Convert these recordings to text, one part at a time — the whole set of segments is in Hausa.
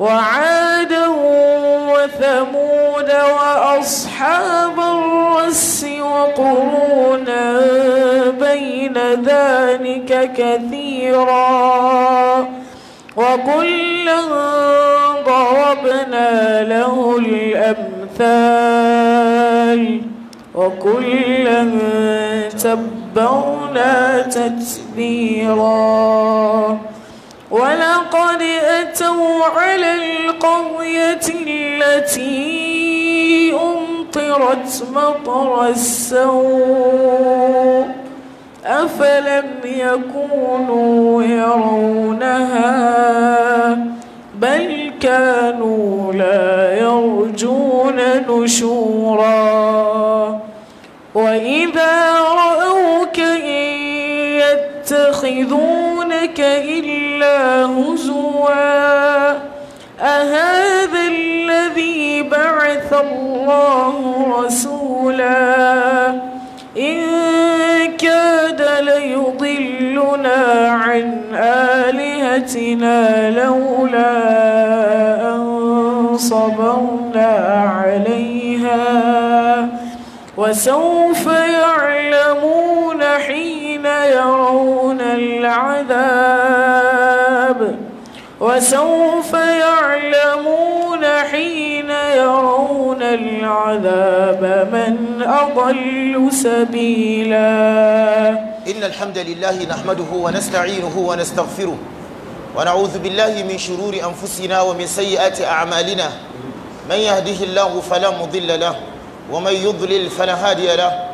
وعادا وثمود وأصحاب الرس وقرونا بين ذلك كثيرا وكلا ضربنا له الأمثال وكلا تبرنا تتبيرا ولقد أتوا على القرية التي أمطرت مطر السوء أفلم يكونوا يرونها بل كانوا لا يرجون نشورا وإذا رأوك إن يتخذونك إلا هزوا أهذا الذي بعث الله رسولا إن كاد ليضلنا عن آلهتنا لولا أن صبرنا عليها وسوف يعلمون يرون العذاب وسوف يعلمون حين يرون العذاب من أضل سبيلا إن الحمد لله نحمده ونستعينه ونستغفره ونعوذ بالله من شرور أنفسنا ومن سيئات أعمالنا من يهده الله فلا مضل له ومن يضلل فلا هادي له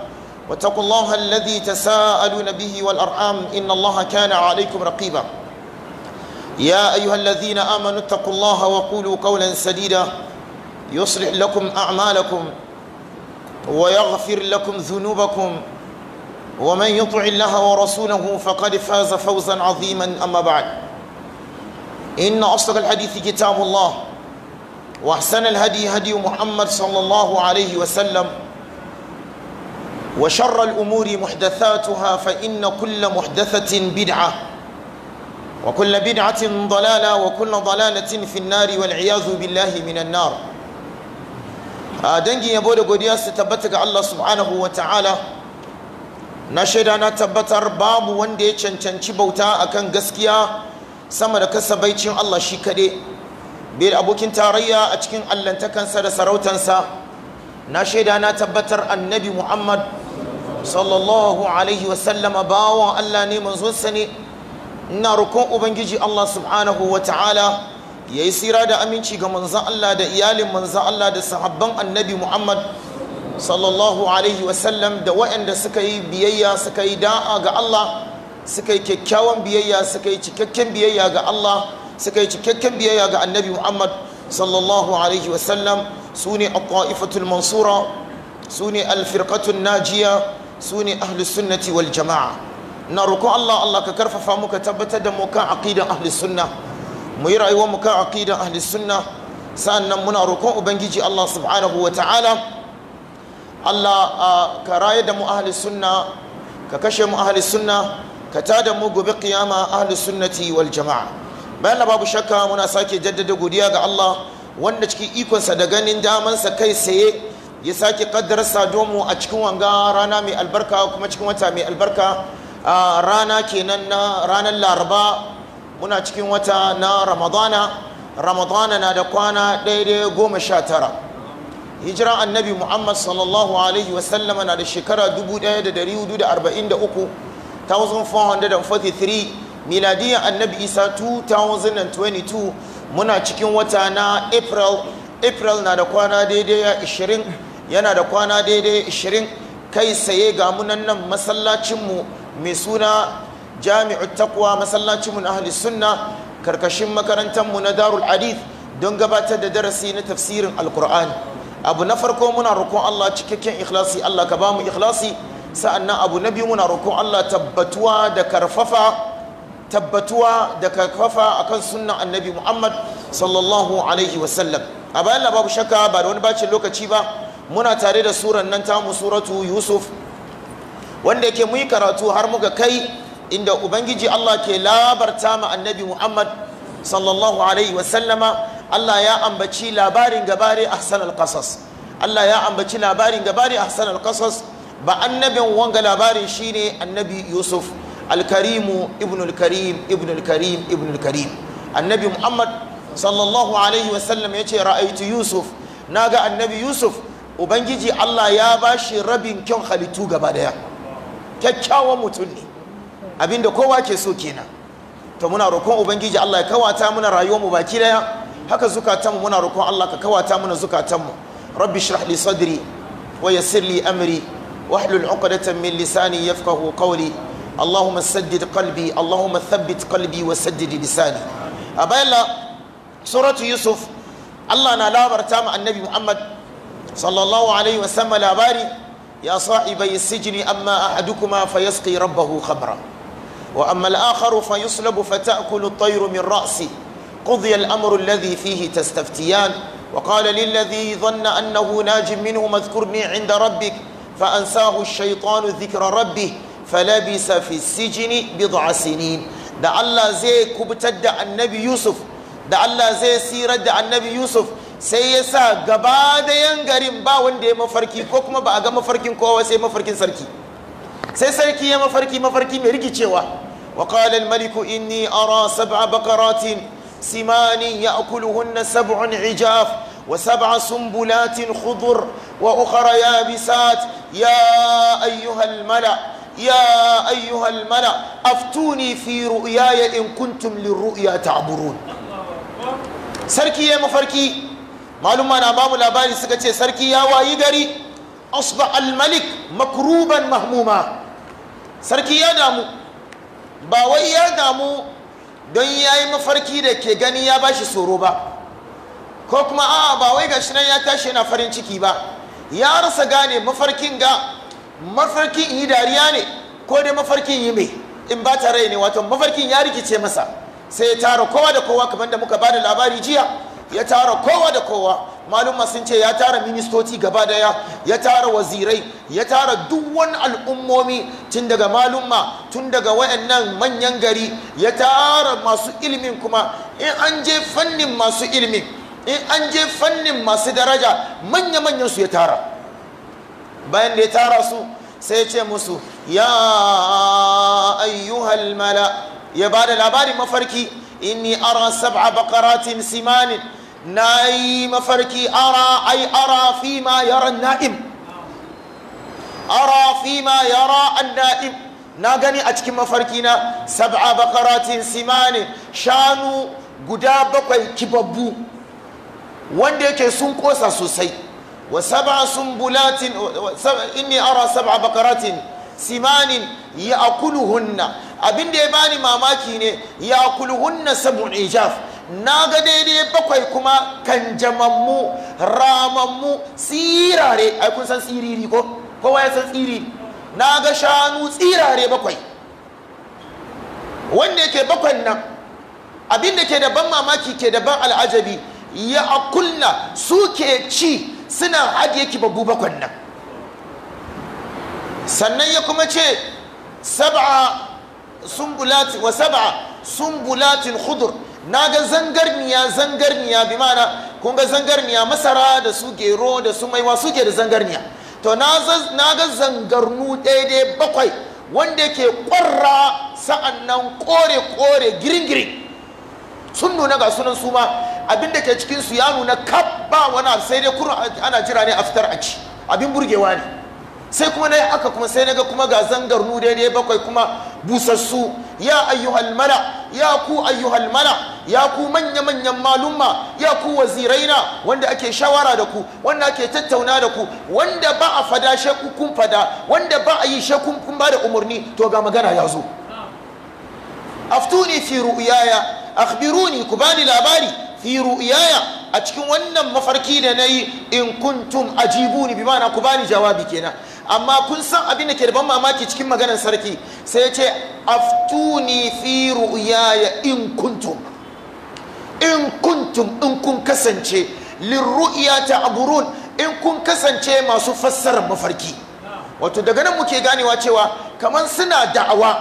واتقوا الله الذي تساءلون به والأرحام إن الله كان عليكم رقيبا يا أيها الذين آمنوا اتقوا الله وقولوا قولا سديدا يصلح لكم أعمالكم ويغفر لكم ذنوبكم ومن يطع الله ورسوله فقد فاز فوزا عظيما أما بعد إن أصدق الحديث كتاب الله وأحسن الهدي هدي محمد صلى الله عليه وسلم وشر الأمور محدثاتها فإن كل محدثة بدعة وكل بدعة ضلالة وكل ضلالة في النار والعياذ بالله من النار دنجي يبود قديا ستبتك الله سبحانه وتعالى نشهد أنا تبتر باب وندي چنچنچي بوتا أكن قسكيا سمد كسبيتشن الله شكري بير أبوكين تاريا أتكين ألن تكن سر سروتنسا نشهد أنا تبتر النبي محمد sallallahu alaihi wasallama bawan Allah ne manzonsa ne ina rukun ubangiji Allah subhanahu wa ta'ala ya yi sira da aminci ga manzon Allah da iyalin manzon Allah da sahabban annabi Muhammad sallallahu alaihi wasallam da waɗanda suka yi biyayya suka yi da'a ga Allah suka yi kyakkyawan biyayya suka yi cikakken biyayya ga Allah suka yi cikakken biyayya ga annabi Muhammad sallallahu alaihi wasallam su ne a ƙwa'ifatul mansura su ne alfirƙatun najiya su ne ahli sunnati wal jama'a na roƙo Allah Allah ka karfafa mu ka tabbatar da mu kan aqidan ahlus sunna mu yi rayuwar mu kan aqidan ahlus sannan sa'annan muna roƙon ubangiji Allah subhanahu wa ta'ala Allah ka raye da mu ahlus ka kashe mu ahli sunna ka da mu gobe kiyama ahlus sunnati wal jama'a bayan babu shakka muna sake jaddada godiya ga Allah wanda cikin ikonsa da ganin damansa kai tsaye ya sake kaddarsa domin a cikin wanga rana mai albarka kuma cikin wata mai albarka a rana kenan na ranar laraba muna cikin wata na ramadana ramadana na da kwana daidai goma sha tara hijira annabi muhammad sallallahu alaihi wasallama na da shekara 1443 1443 miladiyyar annabi isa 2022 muna cikin wata na april april na da kwana daidai 20 yana da kwana daidai 20 kai saye ga munan nan masallacinmu mai suna jami'u takwa masallacinmu na ahli sunna karkashin makarantarmu na darul hadith don gabatar da darasi na tafsirin alkur'ani abu na farko muna roƙon Allah cikakken ikhlasi Allah ka bamu ikhlasi sa'annan abu na biyu muna roƙon Allah tabbatuwa da karfafa tabbatuwa da karfafa akan sunnan annabi Muhammad sallallahu alaihi wasallam a bayan babu shakka ba da wani bacin lokaci ba muna tare da suran nan tamu suratu yusuf wanda yake muyi karatu har muka kai inda ubangiji allah ke labarta ma annabi muhammad sallallahu alaihi wasallama allah ya ambaci labarin gabari ahsan alqasas allah ya ambaci labarin gabari ahsan alqasas ba annabin wanga labarin shine annabi yusuf alkarimu ibn alkarim ibn alkarim annabi muhammad sallallahu alaihi wasallam ya ce ra'aitu yusuf ga annabi yusuf ubangiji Allah ya bashi rabin kyan halittu gaba daya kyakkyawan mutum ne abinda kowa ke so kenan to muna roƙon ubangiji Allah ya kawata mana rayuwar mu baki daya haka zukatanmu muna roƙon Allah ka kawata muna zukatanmu rabbi shrah li sadri wa yassir li amri واحلل عقدة min lisani يفقه قولي اللهم سدد قلبي اللهم ثبت قلبي وسدد لساني أبا سورة يوسف الله نالابر تام النبي محمد صلى الله عليه وسلم لاباري يا صاحبي السجن اما احدكما فيسقي ربه خمرا واما الاخر فيصلب فتاكل الطير من راسه قضي الامر الذي فيه تستفتيان وقال للذي ظن انه ناج منه اذكرني عند ربك فانساه الشيطان ذكر ربه فلبس في السجن بضع سنين ده الله زي كبتد النبي يوسف ده الله زي سيرد النبي يوسف sai ya sa gaba da yan garin ba wanda ya mafarki ko kuma ba a ga mafarkin kowa sai mafarkin sarki sai sarki ya mafarki mafarki mai rikicewa wa qala al maliku inni ara sab'a baqaratin simani ya'kuluhunna sab'un ijaf wa sab'a sumbulatin khudur wa ukhra yabisat ya ayyuha al mala' يا أيها الملأ أفتوني في رؤياي إن كنتم للرؤيا تعبرون سركي يا mafarki. maluma na babu labari suka ce sarki ya wayi gari asba al-malik makruban mahmuma sarki ya damu ba wai ya damu don ya yi mafarki da ke gani ya ba shi tsoro ba ko kuma a ba wai shi nan ya tashi yana farin ciki ba ya rasa gane mafarkin ga mafarkin yi dariya ne ko dai mafarkin yi mai in ba ta rai ne wato mafarkin ya rikice masa sai ya tara kowa da kowa kamar da muka ba da labari jiya ya tara kowa da kowa malumma sun ce ya tara ministoci gaba daya ya tara wazirai ya tara duk wani al'ummomi tun daga malumma tun daga wayannan manyan gari ya tara masu ilimin kuma in an je fannin masu ilimin in an je fannin masu daraja manya-manyan su ya tara bayan da ya tara su sai ya ce musu ya ayyuhal mala ya ba da labarin mafarki inni ara sab'a baqaratin simanin na yi mafarki ara ai ara fi ma yara na'im ara fi ma yara an na'im na gani a cikin mafarki na sab'a bakaratin simanin shanu guda bakwai kibabbu wanda yake sun kosa sosai wa sab'a sumbulatin inni ara sab'a bakaratin simanin ya akuluhunna abinda ya bani mamaki ne ya akuluhunna sab'un ijaf na ga daidai bakwai kuma jamammu ramammu tsirare ai kun san tsiriri ko kowa ya san tsiriri na ga shanu tsirare bakwai wanda yake bakwai nan abin da ke da ban mamaki ke da ban al'ajabi ya akulna su ke ci suna hajiye babu bakwai nan sannan ya kuma ce sab'a sun wa sab'a khudur na ga zangarniya zangarniya bi mana kun ga zangarniya masara da su gero da su maiwa suke da zangarniya to naga ga zangarnu daidai bakwai wanda ke ƙwarra sa'an nan kore-kore girin-girin sun nuna ga sunan su ma abinda ke cikinsu ya nuna kaf ba wani sai dai kuma ana jira ne a fitar a ci abin burgewa ne sai kuma na aka kuma sai na ga kuma ga zangarnu daidai bakwai kuma busassu ya ayyuhal mala ya ku ayyuhal mala ya ku manya manyan malumma ya ku waziraina wanda ake shawara da ku wanda ake tattauna da ku wanda ba a fada shakku kun fada wanda ba a yi shakku kun ba da umarni to ga magana ya zo aftuni fi ru'yaya akhbiruni ku bani labari fi ru'yaya a cikin wannan mafarki da nayi in kuntum ajibuni bi ku bani jawabi kenan amma kun san abin da ke da ban mamaki cikin maganar sarki sai ya ce aftuni fi ru'yaya in kuntum in kuntum in kun kasance lirru'ya ta aburun in kun kasance masu fassarar mafarki wato daga nan muke ganewa cewa kamar suna da'awa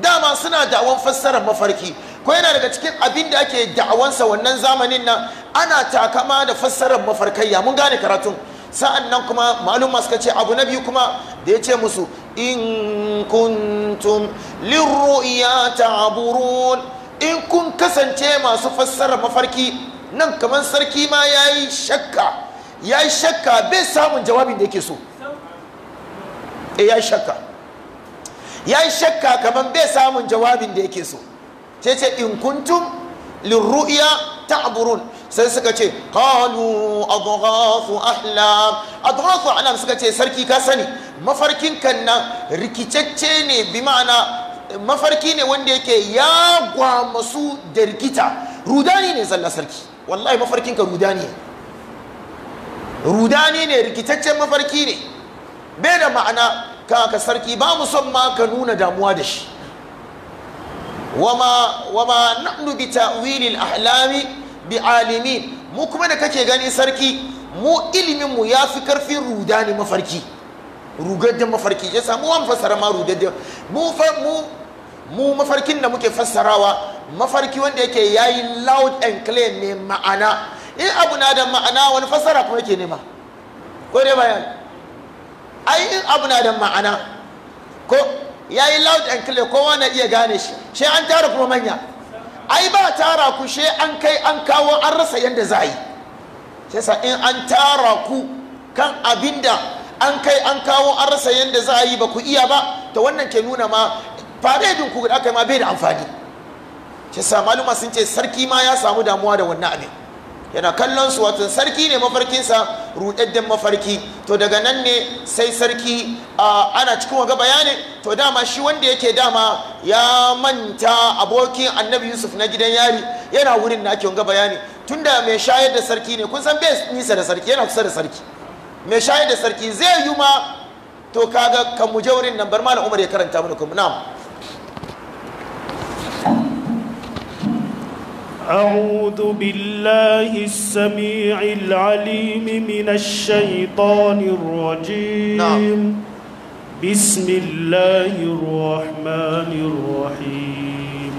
dama suna da'awan fassarar mafarki ko yana daga cikin abin da ake da'awansa wannan zamanin nan ana takama da fassarar mafarkayya mun gane karatun sa'an nan kuma maluma suka ce abu na biyu kuma da ya ce musu in kuntum lirru'iya ta'aburun. in kun kasance masu fassara mafarki nan kamar sarki ma ya yi shakka ya yi shakka bai samun jawabin da yake so eh, Ya yi shakka yi shakka kamar bai samun jawabin da yake so ce ce in kuntum lirru'iya ta'aburun. sai suka ce qalu adghafu ahlam adghafu ahlam suka ce sarki ka sani mafarkin kan nan rikicacce ne bi ma'ana mafarki ne wanda yake ya gwamasu da rikita rudani ne zalla sarki wallahi mafarkin ka rudani ne rudani ne rikitaccen mafarki ne bai da ma'ana kaka sarki ba mu son ma ka nuna damuwa da shi wama wama nahnu bi ta'wilil ahlami bi alimi mu kuma da kake gani sarki mu ilimin mu ya fi karfin rudani mafarki rugaggen mafarki ya samu wa fassara ma rugaggen mu mu mu mafarkin da muke fassarawa mafarki wanda yake yayi loud and clear ne ma'ana in abu na da ma'ana wani fassara kuma yake nema ko dai bayan ai in abu na da ma'ana ko yayi loud and clear kowa na iya gane shi sai an tara kuma manya ai ba tara ku she an kai an kawo an rasa yadda za yi shi in an tara ku kan abinda an kai an kawo an rasa yadda za yi ba ku iya ba ta wannan ke nuna ma faredin ku da aka yi ma bai da amfani shi maluma sun ce sarki ma ya samu damuwa da wannan abin yana kallon su wato sarki ne mafarkinsa ruɗaɗɗen mafarki to daga nan ne sai sarki ana cikin waga bayani to dama shi wanda yake dama ya manta abokin annabi yusuf na gidan yari yana wurin na ake bayani bayani tunda mai shayar da sarki ne kun san bai nisa da sarki yana kusa da sarki mai shayar da sarki zai yi ma to kaga kan mu wurin nan bar malam umar ya karanta mana kuma na'am أعوذ بالله السميع العليم من الشيطان الرجيم نعم. بسم الله الرحمن الرحيم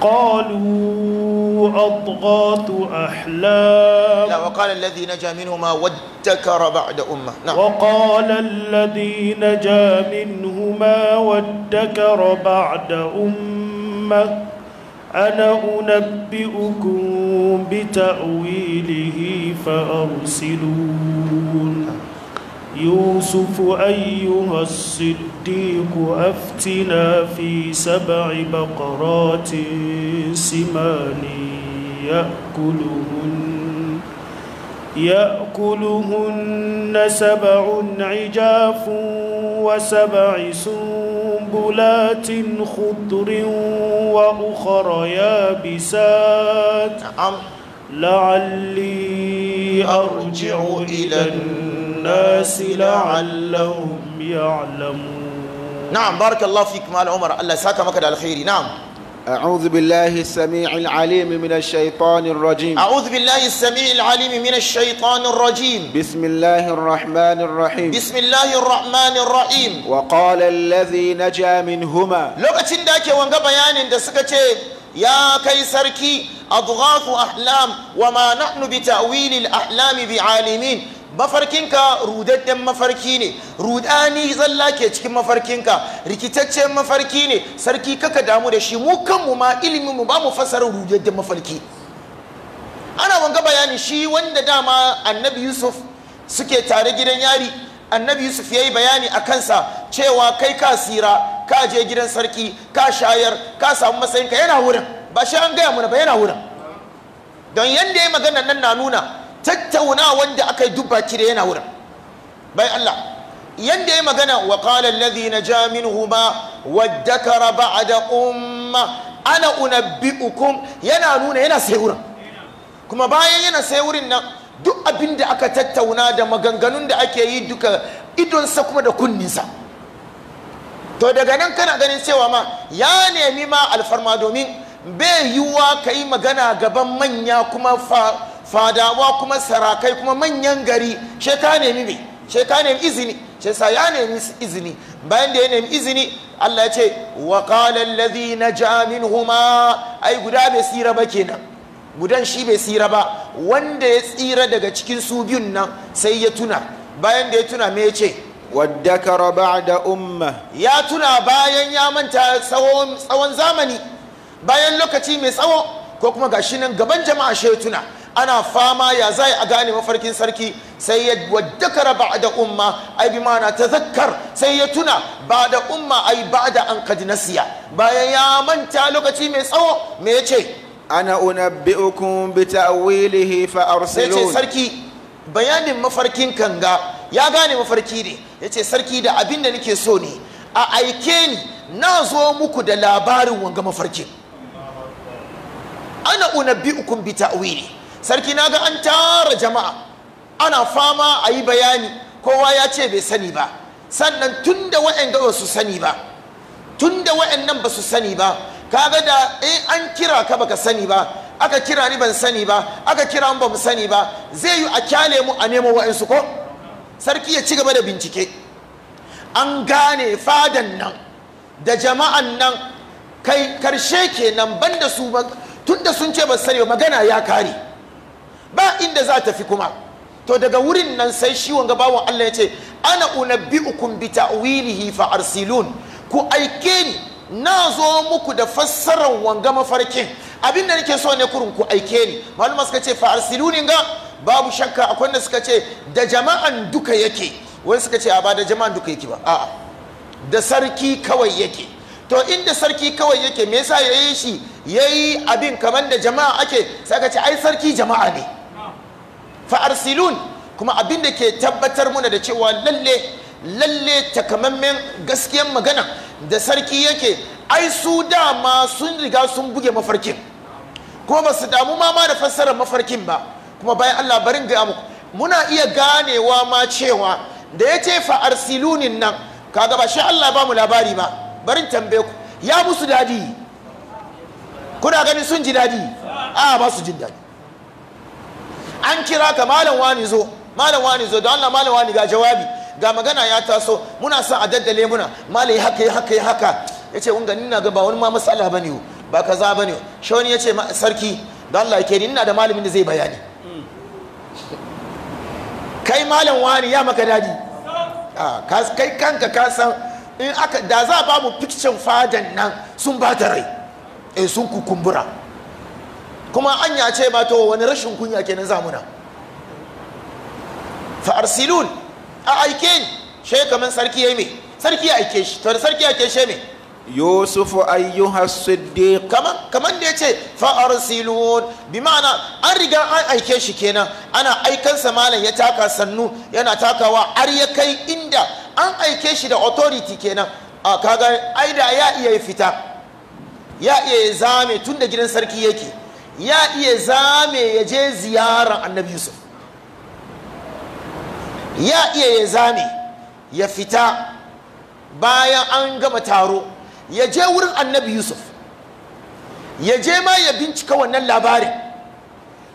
قالوا أضغاث أحلام لا وقال الذي نجا منهما وادكر بعد أمة نعم. وقال الذي نجا منهما وادكر بعد أمة أنا أنبئكم بتأويله فأرسلون يوسف أيها الصديق أفتنا في سبع بقرات سمان يأكلهن يأكلهن سبع عجاف وسبع سنبلات خضر وأخر يابسات نعم لعلي أرجع إلى الناس لعلهم يعلمون نعم بارك الله فيك مال عمر الله ساكمك على خيري نعم أعوذ بالله السميع العليم من الشيطان الرجيم أعوذ بالله السميع العليم من الشيطان الرجيم بسم الله الرحمن الرحيم بسم الله الرحمن الرحيم وقال الذي نجا منهما لوكاتين داكي وانغا بيانين دا سكتي يا كيسركي أضغاث أحلام وما نحن بتأويل الأحلام بعالمين mafarkinka rudadden mafarki ne rudani zalla ke cikin mafarkinka rikitaccen mafarki ne sarki kaka damu da shi mu kanmu ma ilimin mu ba mu fasara rudadden mafarki ana wanga bayani shi wanda dama annabi yusuf suke tare gidan yari annabi yusuf ya yi bayani a kansa cewa kai ka sira ka je gidan sarki ka shayar ka samu matsayinka yana wurin ba shi an gaya mana ba yana wurin don yadda ya magana nan na nuna tattauna wanda aka yi dubba kire yana wurin bai Allah yanda ya magana wa huma wadda ka raba a da umma ana ukun yana nuna yana sai wurin kuma bayan yana sai wurin nan duk abin da aka tattauna da maganganun da ake yi duka idonsa kuma da kunninsa to daga nan kana ganin cewa ma ya nemi ma alfarma domin bai yiwuwa ka yi magana gaban manya kuma fa fadawa kuma sarakai kuma manyan gari she ka nemi me she ka nemi izini she sa ya nemi izini bayan da ya nemi izini Allah ya ce wa qala alladhi naja minhuma ai guda bai tsira ba kenan gudan shi bai tsira ba wanda ya tsira daga cikin su biyun nan sai ya tuna bayan da ya tuna me ya ka waddakara ba'da umma ya tuna bayan ya manta tsawon zamani bayan lokaci mai tsawo ko kuma gashi nan gaban jama'a shi ya tuna ana fama ya zai a gane mafarkin sarki sai ya waddakara ba da umma ai bi mana ta zakkar sai ya tuna ba da umma ai ba da an kadinasiya bayan ya manta lokaci mai tsawo me ya ce ana unabbi'ukum bi ta'wilihi fa arsilun ce sarki bayanin mafarkin kanga ya gane mafarki ne Ya ce sarki da abin da nake so ne a aike ni na zo muku da labarin wanga mafarkin ana unabbi'ukum bi ta'wili sarki na ga an tara jama'a ana fama a yi bayani kowa ya ce bai sani ba sannan tun da wa'anda ba su sani ba tun da wa'annan ba su sani ba kaga da in an kira ka baka sani ba aka kira ni ban sani ba aka kira ba mu sani ba zai yi a kyale mu a nemo wa'ansu ko sarki ya ci gaba da bincike an gane fadan nan da jama'an nan kai karshe kenan banda su tun da sun ce ba sani ba magana ya kare ba inda za ta fi kuma to daga wurin nan sai shi wanga bawan Allah ya ce ana ukun bi ta'wilihi fa arsilun ku aike ni na zo muku da fassarar wanga mafarkin abin da nake so ne kurin ku aike ni maluma suka ce fa arsiluni ga babu shakka akwai da suka ce da jama'an duka yake wani suka ce a ba da jama'an duka yake ba a'a da sarki kawai yake to inda sarki kawai yake me yasa yayi shi yayi abin kamar da jama'a ake sai ka ce ai sarki jama'a ne fa'arsilun kuma abin da ke tabbatar muna da cewa lalle lalle takamammen gaskiyan magana da sarki yake ai su dama sun riga sun buge mafarkin kuma ba su damu mama da fassarar mafarkin ba kuma bayan Allah barin ga muku muna iya ganewa ma cewa da ya ce fa'arsilunin nan kaga ba shi Allah ba mu labari ba barin tambaye ku ya musu dadi kuna ganin sun ji dadi a ba su jin dadi an kira ka malam wani zo malam wani zo don Allah malam wani ga jawabi ga magana ya taso muna son a daddale muna malai haka haka haka yace un ganin na ga ba wani ma matsala bane ba kaza bane shi wani yace sarki don Allah ke ni ina da malamin da zai bayani kai malam wani ya maka dadi ah, kai kanka ka san in aka da za ba mu fiction fadan nan sun ba ta rai eh sun kukumbura kuma ya ce ba to wani rashin kunya kenan zamuna fa arsilun a aike ni shi kaman sarki yayi me sarki ya aike shi to da sarki ya aike shi me yusufu ayyuha siddiq kaman kaman da yace fa arsilun bi ma'ana an riga an aike shi kenan ana aikansa malam ya taka sannu yana takawa har ya kai inda an aike shi da authority kenan a kaga aida ya iya fita ya iya zame tun da gidan sarki yake ya iya zame ya je ziyarar annabi yusuf ya iya ya zame ya fita bayan an gama taro ya je wurin annabi yusuf ya je ma ya bincika wannan labarin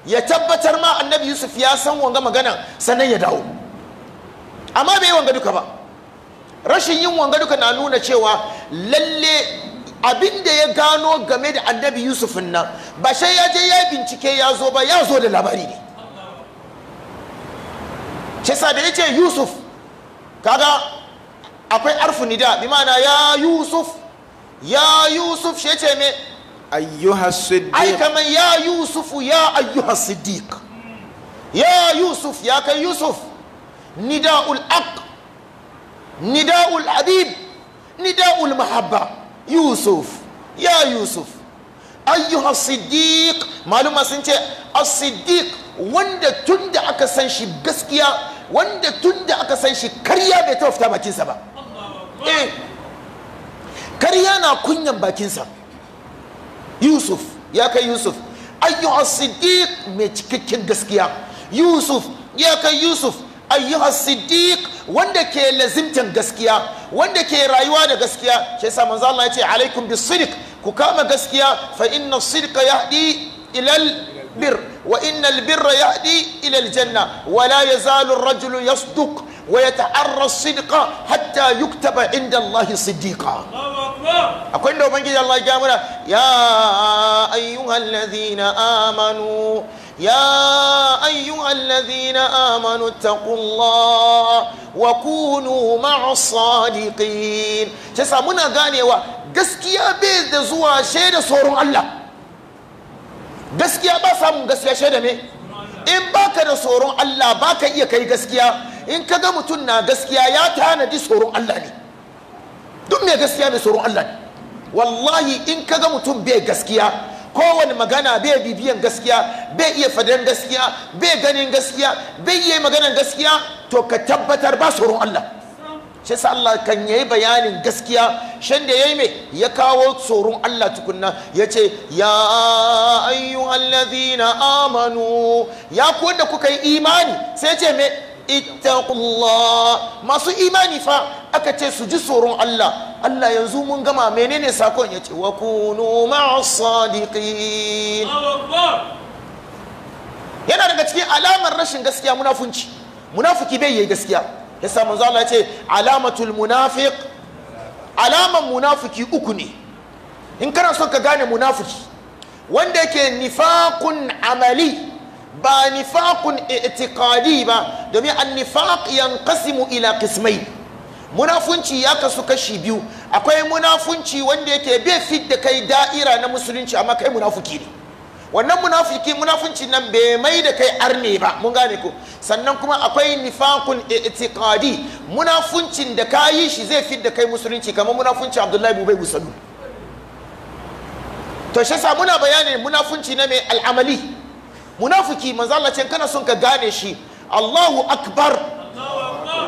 ya tabbatar ma annabi yusuf ya san wanga magana sannan ya dawo amma bai yi wanga duka ba rashin yin wanga duka na nuna cewa lalle abin da ya gano game da annabi yusuf nan ba shai ya je ya bincike ya zo ba ya zo da labari ne shi sa da ya ce yusuf kaga akwai arfu nida bi mana ya yusuf ya yusuf shi ce me ayyuha siddiq ai kamar ya yusuf ya ayyuha siddiq ya yusuf ya kai yusuf nida aq nida ul'adib nida ul'mahabba yusuf ya yusuf ayyuha siddiq maluma sun ce as-siddiq wanda tunda aka san shi gaskiya wanda tun aka san shi karya bai taɓa fita bakinsa ba eh karya na kunyan bakinsa yusuf ya kai yusuf ayyuha siddiq mai cikakken gaskiya yusuf ya kai yusuf ayyuhas siddiq wanda ke lazimtan gaskiya wanda ke rayuwa da gaskiya shi yasa manzo Allah ya ce alaikum bisidq ku kama gaskiya fa inna sidqa yahdi ilal bir wa inna birra yahdi ila janna wa la yazalu ar-rajulu yasduq wa yata'arra as-sidqa hatta yuktaba inda Allah siddiqa akwai inda ubangiji Allah ya mana ya ayyuhal ladina amanu يا أيها الذين آمنوا اتقوا الله وكونوا مع الصادقين جسا منا غاني و غسكيا بيز زوا شيدا سورون الله غسكيا با سامون غسكيا شيدا مي in baka da tsoron Allah baka iya kai gaskiya in ka mutum na gaskiya ya tanadi tsoron Allah ne duk mai gaskiya mai tsoron Allah ne wallahi in ka ga mutum bai gaskiya kowane magana bai bibiyan gaskiya bai iya faɗan gaskiya bai ganin gaskiya bai iya maganan gaskiya to ka tabbatar ba tsoron Allah shi sa Allah kan yayi bayanin gaskiya shan da yayi mai ya kawo tsoron Allah tukunna yace ya ayyuhallazina amanu ya ku da kuka yi imani sai ce me ittaqullah masu imani fa aka ce su ji tsoron Allah Allah yanzu mun gama menene sakon yace wa kunu ma'as sadiqin yana daga cikin alamar rashin gaskiya munafunci munafiki bai yi gaskiya yasa manzo Allah yace ce alamatul munafiq alaman munafiki uku ne in kana son ka gane munafiki wanda yake nifaqun amali ba nifaqun itikadi ba domin an-nifaq yanqasimu ila kismai. munafunci ya kasu kashi biyu akwai munafunci wanda yake bai fit da kai da'ira na musulunci amma kai munafuki ne wannan munafiki munafunci nan bai mai da kai arne ba mun gane ko sannan kuma akwai nifaqun itikadi munafuncin da ka yi shi zai fit da kai musulunci kamar munafunci Abdullahi bin Ubay to shi sa muna bayanin munafunci na mai al'amali munafiki manzala Allah ce kana son ka gane shi Allahu akbar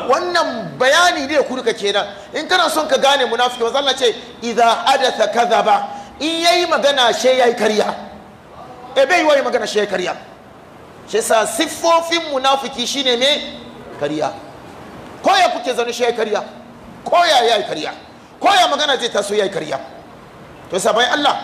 wannan bayani ne ku duka kenan in kana son ka gane munafiki manzala ce idza hadatha kadhaba in yayi magana she yayi kariya e eh, bai yi magana she yayi kariya shi sa siffofin munafiki shine me kariya ko ya kuke zaune shi yayi kariya ko ya yayi kariya ko ya magana zai taso yayi kariya to sabai Allah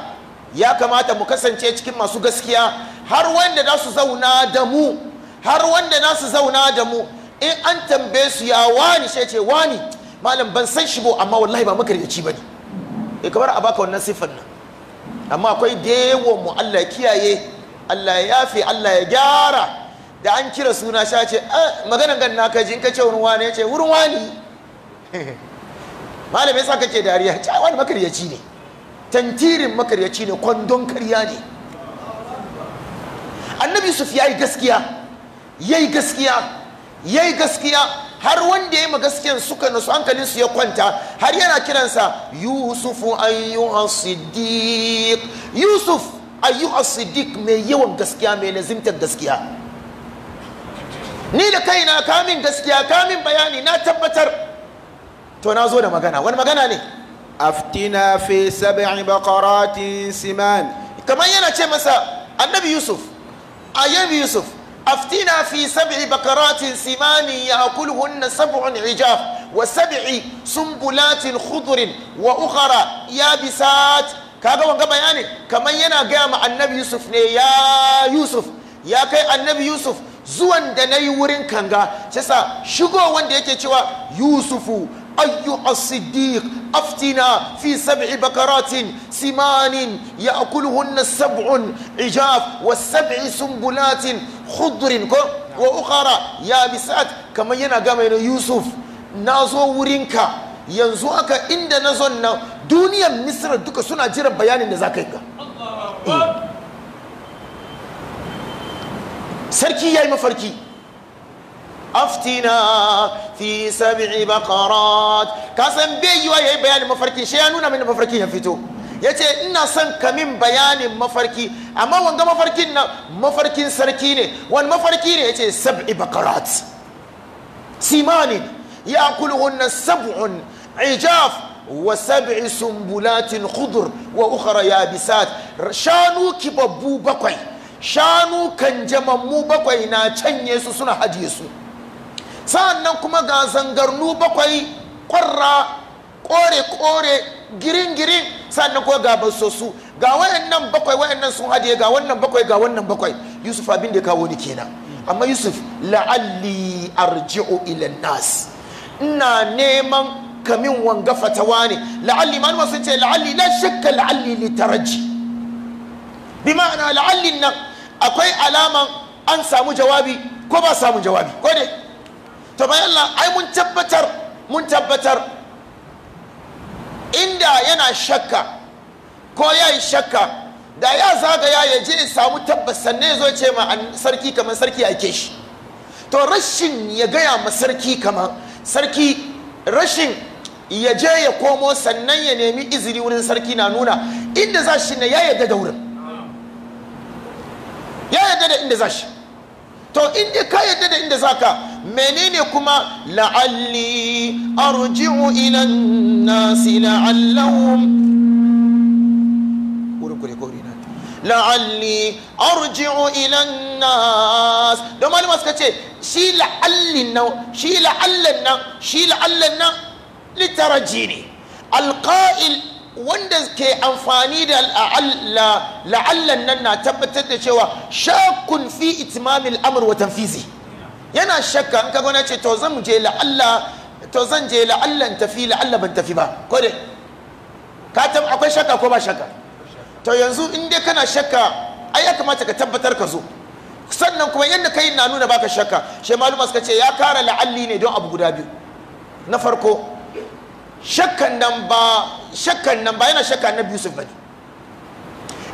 ya kamata mu kasance cikin masu gaskiya har wanda za su zauna da mu har wanda za su zauna da mu in an tambaye su ya wani sai ce wani malam ban san shi ba amma wallahi ba ci bane eh kamar a baka wannan sifan nan amma akwai dewa mu Allah kiyaye Allah ya yafe Allah ya gyara da an kira suna sha ce eh, magana gan naka ji in ka ce wurin wani ya ce wurin wani malam yasa kake dariya ce wani makaryaci ne tantirin makaryaci ne kwandon karya ne annabi yusuf ya yi gaskiya ya yi gaskiya ya yi gaskiya har wanda ya yi gaskiyan suka nasu hankalinsu ya kwanta har yana kiransa yusufu ayyuhan siddiq yusuf ayyuhan siddiq mai yawan gaskiya mai lazimtar gaskiya ni da kaina kamin gaskiya kamin bayani na tabbatar to na zo da magana wani magana ne aftina fi sab'i baqaratin siman kamar yana ce masa annabi yusuf ayyabi yusuf aftina fi sab'i bakaratin simani ya akulhunna sab'un ijaf wa sab'i sumbulatin khudurin wa ukhara yabisat kaga wanga bayani kamar yana gaya ma annabi yusuf ne ya yusuf ya kai annabi yusuf zuwan da na yi wurin kanga shi shigo wanda yake cewa yusufu أيها الصديق أفتنا في سبع بكرات سمان يأكلهن السبع عجاف والسبع سنبلات خضر وأخرى يا بسات كما ينا قام يوسف نازو ورينكا ينزو أكا إند نزونا zon مصر duniyar سنة جرب بيان نزاكيكا bayanin da za ka yi ga افتنا في سبع بقرات بي يو اي بيان مفركي انا من مفركي يفتو يتي انا سن كمين بيان مفركي اما وانجا مفركينا مفركين سركيني وان مفركيني يتي سبع بقرات سيمان يأكلهن سبع عجاف وسبع سنبلات خضر وأخرى يابسات شانو كببو بكوي شانو كنجم مو بقوي نا تنيسو سنة حديسو sa'annan kuma ga zangarnu bakwai kwarra kore-kore girin-girin sa'annan kuma ga basosu ga wayannan bakwai wayannan sun hadiye ga wannan bakwai ga wannan bakwai yusuf abin da ya kawo ni kenan amma yusuf la'alli arji'u ila nas ina neman kamin wanga fatawa ne la'alli malama sun ce la'alli la shakka la'alli li taraji bi ma'ana la'alli nan akwai alaman an samu jawabi ko ba samun jawabi ko dai to bayan Allah ai mun tabbatar mun tabbatar inda yana shakka ko ya yi shakka da ya zagaya ya je ya samu tabbas sannan zo ce ma sarki kamar sarki ke shi to rashin ya gaya ma sarki kamar sarki rashin ya je ya komo sannan ya nemi izini wurin sarki na nuna inda za shi ne ya yadda da wurin ya yadda da inda za shi to inda ka yadda da inda zaka menene kuma la'alli arji'u ila nasi la'allahum wurin kure kore na la'alli arji'u ila nas don malama suka ce shi la'allin nan shi la'allan nan shi la'allan nan litaraji ne alqa'il wanda ke amfani da la'allan nan na tabbatar da cewa shakun fi itimamil amur wa tanfizi yana shakka an kaga ce to zan je la'alla to zan je la'allan tafi la'alla ban tafi ba ko dai ka tab akwai shakka ko ba shakka to yanzu in dai kana shakka ai ya kamata ka tabbatar ka zo sannan kuma yadda kai na nuna baka shakka shi maluma suka ce ya kara la'alli ne don abu guda biyu na farko shakkan nan ba shakkan nan ba yana shakka na Yusuf bane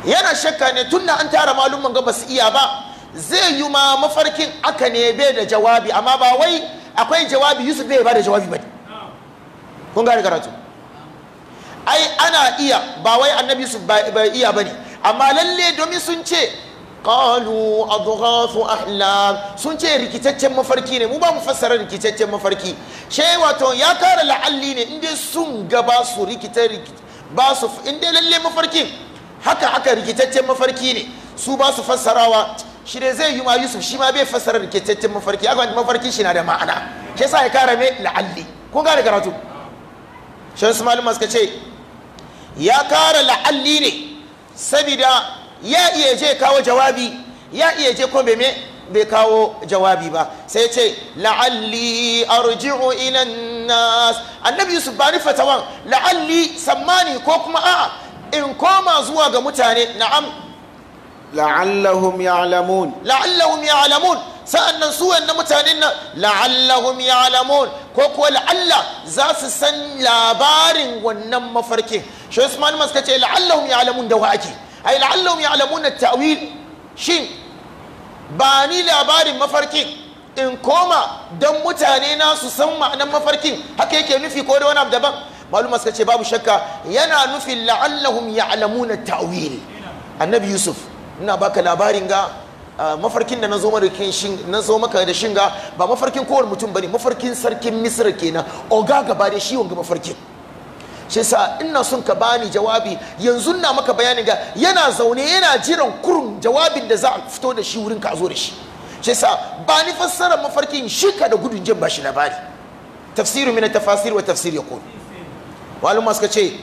yana shakka ne tunda an tara malumman ga basu iya ba zai yi ma mafarkin aka ne bai da jawabi amma ba wai akwai jawabi Yusuf bai ba da jawabi bane kun gane karatu ai ana iya ba wai annabi Yusuf ba iya bane amma lalle domin sun ce qalu adghafu ahlam sun ce rikitaccen mafarki ne mu ba mu rikitaccen mafarki shey wato ya kara la'alli ne inda sun gaba su rikita ba su inda lalle mafarkin haka haka rikitaccen mafarki ne su ba su fassarawa shi ne zai yi ma yusuf shi ma bai fassara rikitaccen mafarki haka shi na da ma'ana shi yasa ya kara mai la'alli karatu ya kara la'alli ne sabida. ya iya je kawo jawabi ya iya je kuma bai bai kawo jawabi ba sai ce la'alli arji'u ila nas annabi yusuf bani fatawan la'alli sammani ko kuma a'a in koma zuwa ga mutane na'am la'allahum ya'lamun la'allahum ya'lamun nan su wannan mutanen nan la'allahum ya'lamun ko kuwa la'alla za su san labarin wannan mafarkin shi usman maska ce la'allahum ya'lamun da wa ake ai la'allahum ya'lamuna at-ta'wil shin ba ni labarin mafarkin in koma dan mutane na su san ma'anan mafarkin haka yake nufi ko da wani abu daban maluma suka ce babu shakka yana nufin la'allahum ya'lamuna at-ta'wil annabi yusuf ina baka labarin ga mafarkin da na zo maka da shinga ba mafarkin kowane mutum bane mafarkin sarkin misra kenan oga gaba da shi wanga mafarkin shi in ina son ka bani jawabi yanzu na maka bayanin ga yana zaune yana jiran kurun jawabin da za a fito da shi wurin ka zo da shi shi yasa ba ni fassara mafarkin shi ka da gudun jin bashi labari tafsiru min tafasir wa tafsir yaqul waluma ka ce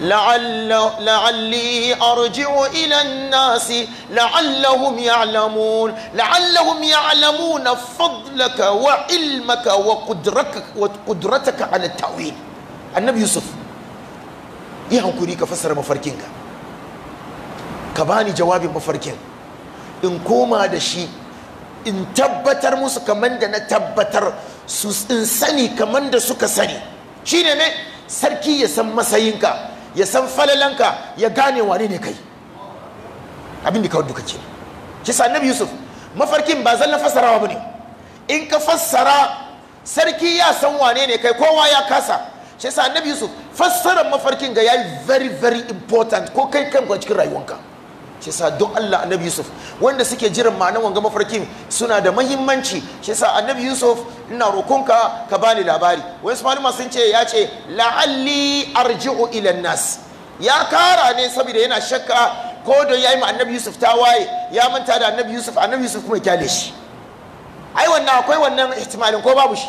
la'alli arji'u ila an-nasi la'allahum ya'lamun la'allahum na fadlaka wa ilmaka wa qudrataka wa 'ala annabi yusuf yi hankuri ka fassara mafarkinka ka bani jawabin mafarkin in koma da shi in tabbatar musu kamar da na tabbatar su in sani kamar da suka sani shine ne sarki ya san masayinka ya san falalanka ya gane wane ne kai abin da kawai duka ce sa annabi yusuf mafarkin ba zan na fassarawa ba ne in ka fassara sarki ya san wane ne kai kowa ya kasa shi yasa annabi yusuf fassarar mafarkin ga yayi very very important ko kai kan ka cikin rayuwanka shi yasa don Allah annabi yusuf wanda suke jiran ma'anar wanga mafarkin suna da mahimmanci shi yasa annabi yusuf ina rokonka ka bani labari wasu malama sun ce ya ce la'alli arji'u ila nas ya kara ne saboda yana shakka ko da yayi ma annabi yusuf waye ya manta da annabi yusuf annabi yusuf kuma ya kyale shi ai wannan akwai wannan ihtimalin ko babu shi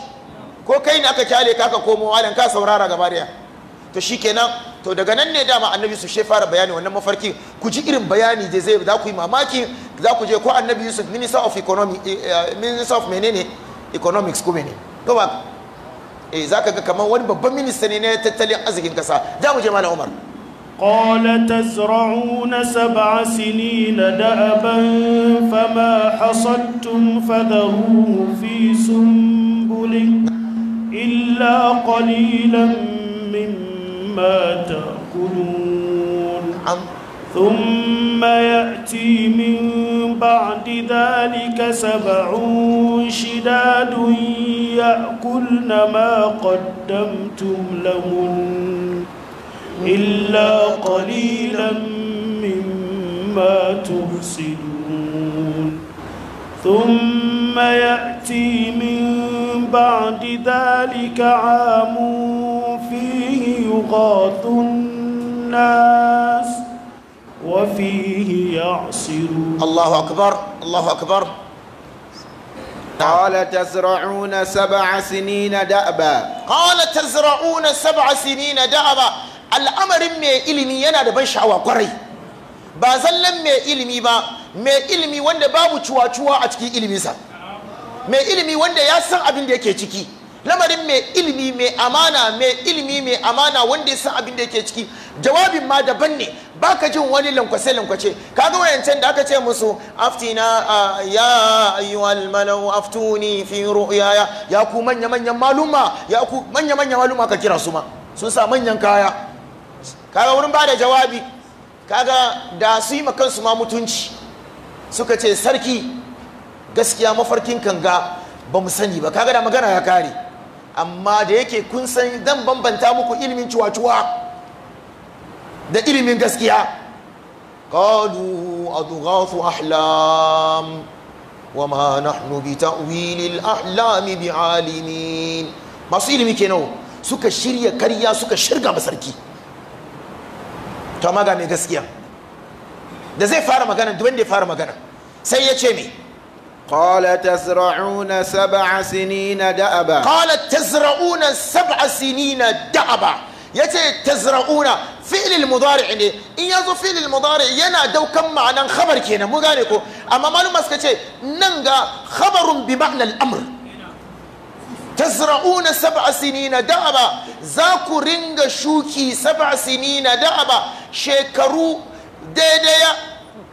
ko kai ne aka kyale ka ka komo wa ka saurara gaba daya to shikenan to daga nan ne dama annabi su she fara bayani wannan mafarki ku ji irin bayani da zai za ku yi mamaki za ku je ko annabi yusuf minister of economy eh, eh, minister of menene economics ko menene to ba eh zaka ga kamar wani babban minister ne na tattalin arzikin kasa za mu je malam umar قال تزرعون سبع سنين دأبا فما حصدتم فذروه في سنبله إلا قليلا مما تأكلون نعم. ثم يأتي من بعد ذلك سبع شداد يأكلن ما قدمتم لهن إلا قليلا مما تفسدون ثم يأتي من بعد ذلك عام فيه يغاث الناس وفيه يعصرون الله أكبر الله أكبر قال تزرعون سبع سنين دأبا قال تزرعون سبع سنين دأبا al'amarin mai ilimi yana da ban sha'awa kwarai ba zallan mai ilimi ba mai ilimi wanda babu cuwa a cikin iliminsa mai ilimi wanda ya san abin da yake ciki lamarin mai ilimi mai amana mai ilimi mai amana wanda ya san abin da yake ciki jawabin ma daban ne baka jin wani lankwace lankwace kaga wayancan da aka ce musu aftina uh, ya ayyuhal malau aftuni fi ru'yaya ya ku manya manyan maluma ya ku manya manyan maluma ka kira su ma sun sa manyan kaya kaga wurin bada jawabi kaga da su yi ma kansu ma mutunci suka ce sarki gaskiya mafarkin kan ga ba mu sani ba kaga da magana ya kare amma da yake kun san dan bambanta muku ilimin cuwa-cuwa da ilimin gaskiya qalu adghafu ahlam na nahnu bi ta'wilil ahlami bi alimin masu ilimi kenan suka shirya karya suka shirga masarki to amma mai gaskiya da zai fara magana duk wanda ya fara magana sai ya ce mai قال تزرعون سبع سنين دأبا قال تزرعون سبع سنين دأبا yace tazra'una fi'lil mudari ne in zo filin mudari yana daukan ma'anan khabar kenan mu gane ko amma maluma suka nan ga khabarun bi ma'na amr tazra'una sab'a sinina da'aba za ku ringa shuki sab'a sinina da'aba shekaru daidaya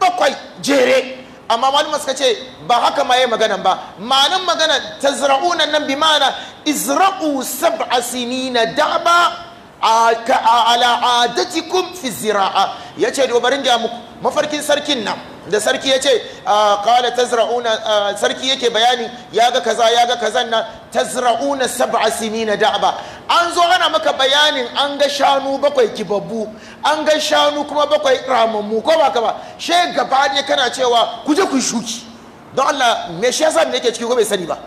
bakwai jere amma malama suka ce ba haka ma yi maganan ba malam magana ta nan bi ma'ana izra'u sab'a sinina da'aba ala adatikum fi zira'a yace to ga muku mafarkin sarkin nan da sarki yace qala tazra'una sarki yake bayani yaga kaza yaga kazan nan tazra'una sab'a sinina da'ba an zo ana maka bayanin an ga shanu bakwai kibabbu an ga shanu kuma bakwai ramammu ko ba ka ba she gaba ne kana cewa ku ku shuki don Allah me shi yasa me yake ciki ko bai sani ba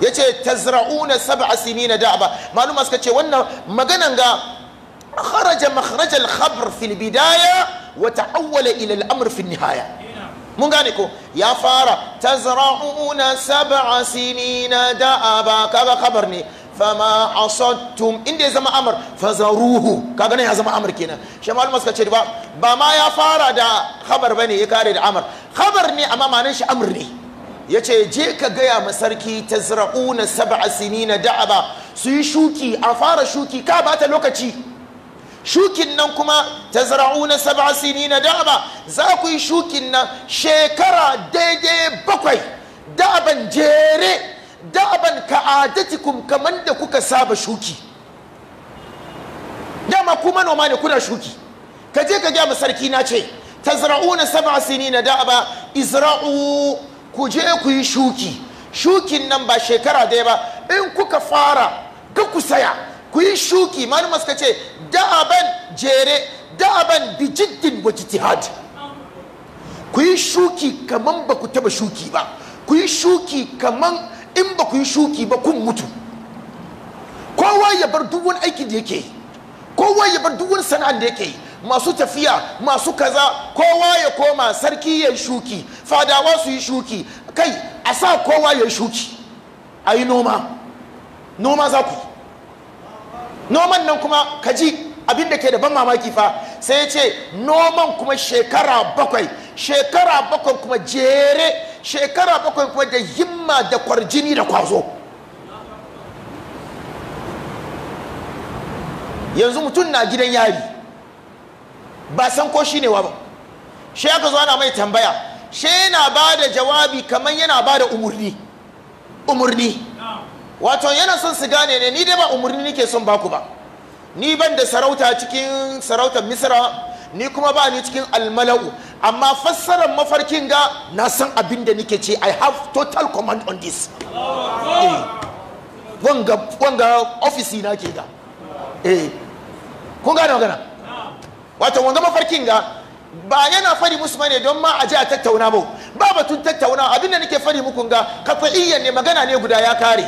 ya ce tazra'una sab'a sinina da'aba maluma suka ce wannan maganan ga kharaja makharajal khabr fil bidaya wa ta'awwala ila al-amr fil nihaya mun gane ko ya fara tazra'una sab'a sinina da'aba kaga khabar ne fama asattum inda ya zama amr fazaruhu kaga nan ya zama amr kenan shi malama suka ce ba ba ma ya fara da khabar bane ya kare da amr khabar ne amma manan shi amr ne ya ce je ka gaya ma sarki ta zira'una saba sini na da'aba su yi shuki a fara shuki ka bata lokaci shukin nan kuma ta zira'una saba sini na da'aba za ku yi shukin nan shekara daidai bakwai da'aban jere da'aban ka'adatikum kamar da kuka saba shuki dama ku manoma ne kuna shuki ka je ka gaya ma sarki na ce tazra'una sab'a na da'aba izra'u ku je ku yi shuki shukin nan ba shekara daya ba in kuka fara ka ku saya ku yi shuki malama suka ce da'aban jere da'aban bijiddin wa jitihad ku yi shuki kaman ba ku taba shuki ba ku yi shuki kaman in ba ku yi shuki ba kun mutu kowa ya bar duk wani aiki da yake kowa ya bar duk wani sana'ar da yake yi masu tafiya masu kaza kowa ya koma sarki ya shuki fadawa su yi shuki kai a sa kowa ya shuki a yi noma noma za ku noman nan kuma kaji abinda ke da ban mamaki fa sai ce noman kuma shekara bakwai shekara bakwai kuma jere shekara bakwai kuma da himma da kwarjini da kwazo yanzu mutum na gidan yari ba san ko ne wa ba shi aka zo ana mai tambaya shi yana ba da jawabi kamar yana ba da umurni umurni wato yana son su gane ne ni dai ba umurni nake son ku ba ni ban da sarauta cikin sarautar misra ni kuma ba ni cikin almala'u amma fassarar mafarkin ga na san abin da nake ce i have total command on this eh. wanga ofisi na ke ga eh kun gane magana wato wanga mafarkin ga ba yana fari musu ne don ma a je a tattauna ba ba batun tattauna abin da nake fari muku ga kafa'iyyan ne magana ne guda ya kare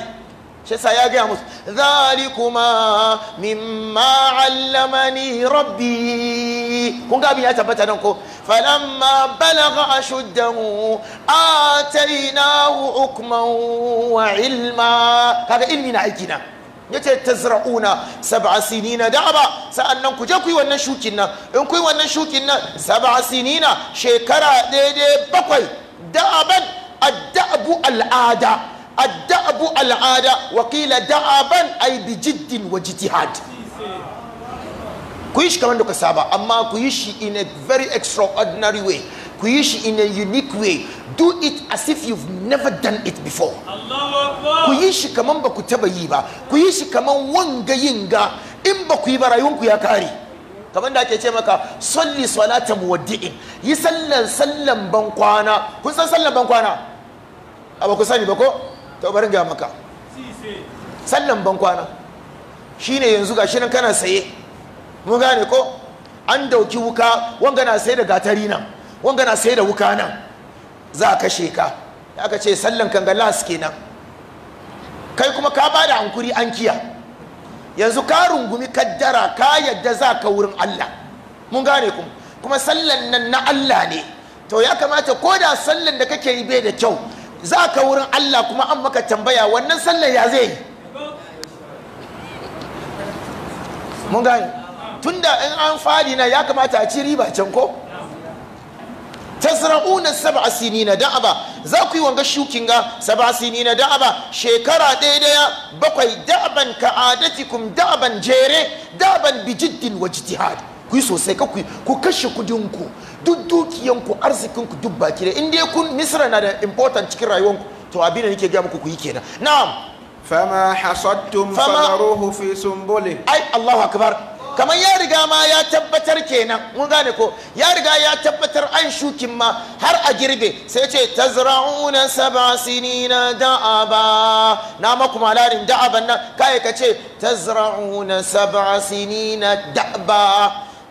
shi sa ya gaya musu zalikuma mimma allamani rabbi kun ga abin ya tabbata nan ko falamma balagha ashuddahu atainahu hukman wa ilma kaga ilmi na aiki na yace tazra'una sab'a sinina da'aba sa'annan ku je ku yi wannan shukin nan in ku yi wannan shukin nan sab'a sinina shekara daidai bakwai da'aban addaabu al'ada adda'abu al'ada wa qila da'aban ay bi jiddin wa jitihad ku yi shi kamar da ka saba amma ku yi shi in a very extraordinary way ku yi shi in a unique way do it as if you've never done it before ku yi shi kaman ba ku taba yi ba ku yi shi kaman wanga yin ga in ba ku yi ba rayuwanku ya kare kaman da ake ce maka salli salata muwaddi'in yi sallan sallan ban kwana kun san sallan ban kwana a ba ku sani ba ko to bari ga maka sallan ban kwana shine yanzu ga nan kana saye mun gane ko an dauki wuka wanga na sai da gatari nan wanga na sai da wuka nan za a kashe ka aka ce sallan kan ga las kenan kai kuma ka bada hankuri an kiya yanzu ka rungumi kaddara ka yadda za ka wurin Allah mun gane kuma kuma sallan nan na Allah ne to ya kamata ko da sallan da kake yi bai da kyau za ka wurin Allah kuma an maka tambaya wannan sallan ya zai yi mun gane tunda in an fadi na ya kamata a ci riba can ko tazra'una sab'a sinina da'aba za ku yi wanga shukin ga sab'a sinina da'aba shekara ɗaya daya bakwai da'aban ka'adatikum da'aban jere da'aban bijiddin wa jitihad ku yi sosai ka ku kashe kudinku duk dukiyanku arzikinku duk baki da inda kun misra na da important cikin rayuwanku to abin da nake gaya muku ku yi kenan na'am fama hasadtum fadaruhu fi sumbuli ai allahu akbar kamar ya riga ma ya tabbatar kenan mun gane ko ya riga ya tabbatar an shukin ma har a girbe sai ce tazra'una sab'a sinina da'aba na maku malarin da'aban nan kai ka ce tazra'una sab'a sinina da'aba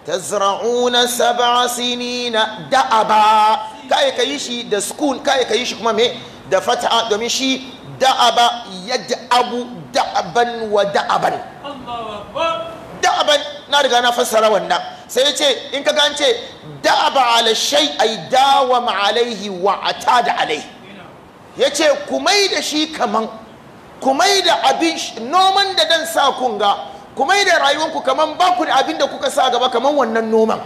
tazra'una sab'a sinina da'aba kai ka yi shi da sukun kai ka yi shi kuma me da fata'a domin shi da'aba yad'abu da'aban wa da'aban Allahu akbar da'aban na riga na fassara wannan sai ya ce in ka gance da'aba ala shay ay dawama alaihi wa atada alaihi yace ku mai da shi kaman ku mai da abin noman da dan sa kun ga ku mai da rayuwanku kaman ba ku da abin da kuka sa gaba kaman wannan noman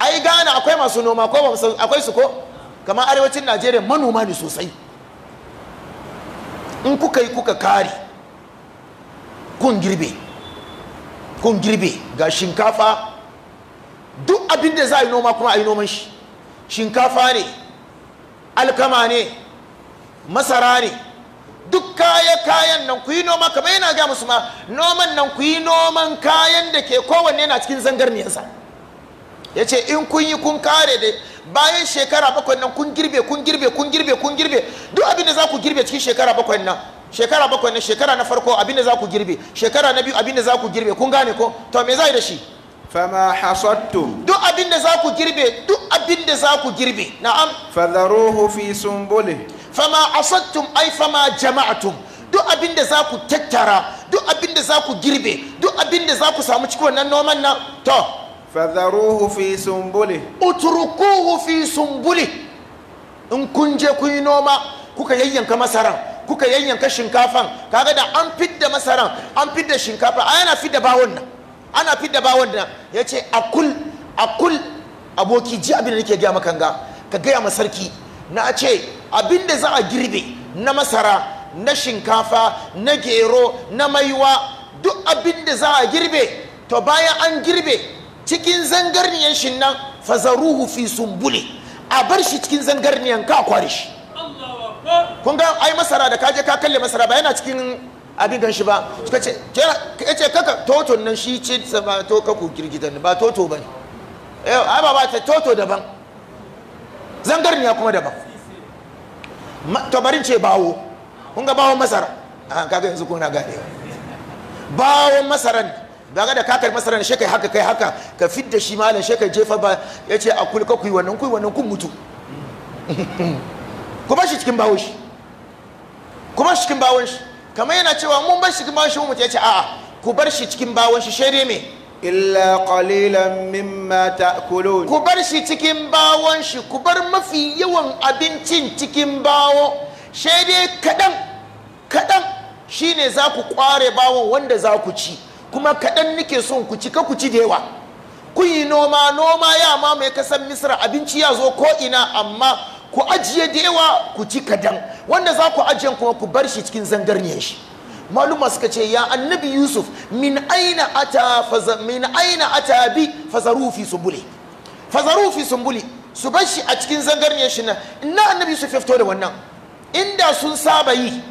ai gane akwai masu noma ko akwai su ko kamar arewacin najeriya manoma ne sosai in kuka yi kuka kare kun girbe kun girbe ga shinkafa duk abin da za a yi noma kuma a yi noman shi shinkafa ne alkama ne masara ne duk kaya kayan nan ku yi noma kamar yana gaya musu ma noman nan ku yi noman kayan da ke kowanne na cikin zangarniyarsa ya ce in kun yi kun kare da bayan shekara bakwai nan kun girbe kun girbe kun girbe kun girbe duk abin da za ku girbe cikin shekara bakwai nan shekara bakwai ne shekara na farko abinda za ku girbe shekara na biyu abinda za ku girbe kun gane ko to me za yi da shi fama hasattu duk abinda za ku girbe duk abinda za ku girbe na'am fadaruhu fi sumbuli fama asattum ai fama jama'atum duk abinda za ku tattara duk abinda za ku girbe duk abinda za ku samu cikin wannan noman nan to Fadaruhu fi sumbuli utrukuhu fi sumbuli in kun je kun yi noma kuka yayyanka masaran kuka yanyanka shinkafan kaga da an fidda masaran an fidda shinkafa a yana fidda bawon nan ana fidda bawon nan ya ce akul akul aboki ji abin da nake gaya maka ga ka gaya ma sarki na ce abin da za a girbe na masara na shinkafa na gero na maiwa duk abin da za a girbe to bayan an girbe cikin zangarniyan shi nan fazaruhu fi sumbule a bar shi cikin zangarniyan ka kware shi kun ga ai masara da kaje ka kalle masara ba yana cikin abin ganshi ba suka ce ya ce kaka toton nan shi ce ba to kaku girgidan ba toto ba ne ai ba ba ta toto daban zangarniya kuma daban tabarin ce bawo kun ga bawon masara a kaga yanzu kuna gane bawon masaran daga da kakar masaran shi kai haka kai haka ka fidda shi malam shi kai jefa ba ya ce a kulka kuyi wannan kuyi wannan kun mutu ku bar shi cikin bawon shi ku bar shi cikin bawon shi kamar yana cewa mun bar shi cikin bawon shi mutu ya ce a'a ku bar shi cikin bawon shi shaidai me illa qalilan mimma ta'kulun ku bar shi cikin bawon shi ku bar mafi yawan abincin cikin bawo shaidai kadan kadan shine za ku kware bawon wanda za ku ci kuma kadan nike son ku ci ka ku ci da yawa kun yi noma noma ya ma mai kasan misra abinci ya zo ko ina amma ku ajiye da yawa ku ci kadan wanda za ku ajiye kuma ku bar shi cikin zangarniyar shi maluma suka ce ya annabi yusuf min aina ata faza min aina ata bi fazarufi fi sumbuli fazarufi fi sumbuli su bar shi a cikin zangarniyar shi na, inna annabi yusuf ya fito da wannan inda sun saba yi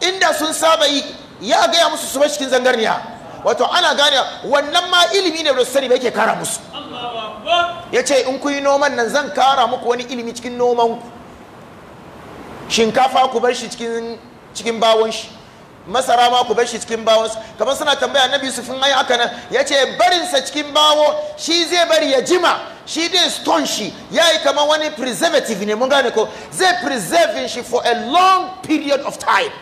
inda sun saba yi ya gaya musu su bar cikin zangarniya wato ana gane wannan ma ilimi ne da sani ba yake kara musu ya ce in ku yi noman nan zan kara muku wani ilimi cikin noman ku shinkafa ku bar shi cikin bawon shi masara ma ku bar shi cikin bawon su kamar suna tambaya na su fin ayi haka nan ya ce barinsa cikin bawo shi zai bari ya jima shi dai stone shi ya yi kamar wani preservative ne mun gane ko zai preserve shi for a long period of time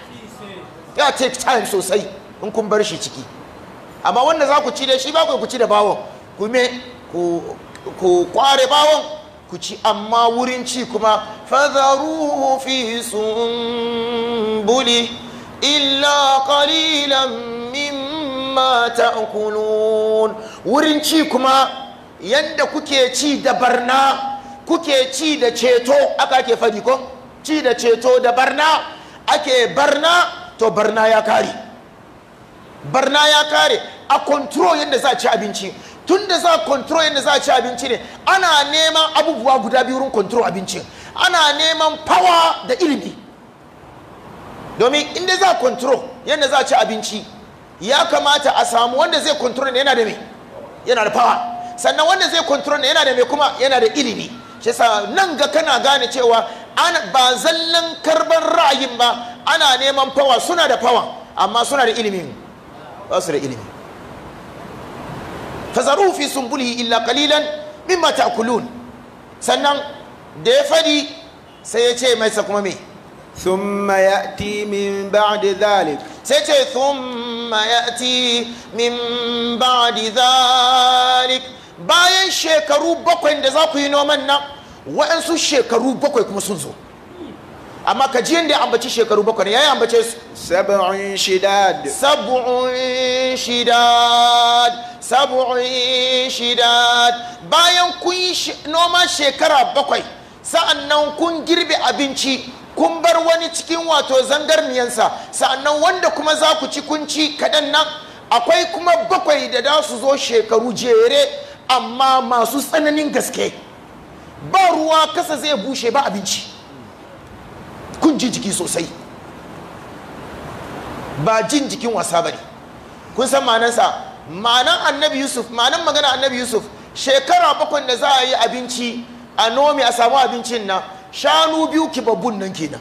ya take time sosai in kun bar shi ciki amma wanda za ku ci da shi ba ku ci da bawon ku me ku ku kware bawon ku ci amma wurin ci kuma fadaruhu fi buli. illa qalilan mimma ta'kulun wurin ci kuma yanda kuke ci da barna kuke ci da ceto aka ke fadi ko ci da ceto da barna ake barna to barna ya kare barna ya kare a control yadda za a ci abinci tun da za control yadda za a ci abinci ne ana neman abubuwa guda biyu wurin control abinci. ana neman power da ilimi domin inda za control yadda za a ci abinci ya kamata a samu wanda zai control ne yana da mai yana da power sannan wanda zai control ne yana da me kuma yana da ilimi shi yasa nan ga kana gane cewa an ba zallan karban ra'ayin ba ana neman power suna da power amma suna da ilimi ba su da ilimi fazaru fi sumbulihi illa qalilan mimma ta'kulun sannan da ya fadi sai ya ce mai sa kuma me thumma ya'ti min ba'di dhalik sai ce thumma ya'ti min ba'di dhalik bayan shekaru bakwai da za ku yi noman nan waɗansu shekaru bakwai kuma sun zo amma ka ji yadda ya ambaci shekaru bakwai ya yi ambace su shidad sabu'un shidad sabu'un shidad bayan kun yi noma shekara bakwai sa'annan kun girbe abinci kun bar wani cikin wato zangarniyansa sa'annan wanda kuma za ku ci kun ci kaɗan nan akwai kuma bakwai da za su zo shekaru jere amma masu tsananin gaske ba ruwa kasa zai bushe ba abinci kun ji jiki sosai ba jin jikin wasa bane kun san ma'anansa ma'anan annabi yusuf manan magana annabi yusuf shekara bakwai da za a yi abinci a nomi a samu abincin nan shanu biyu ki babbun nan kenan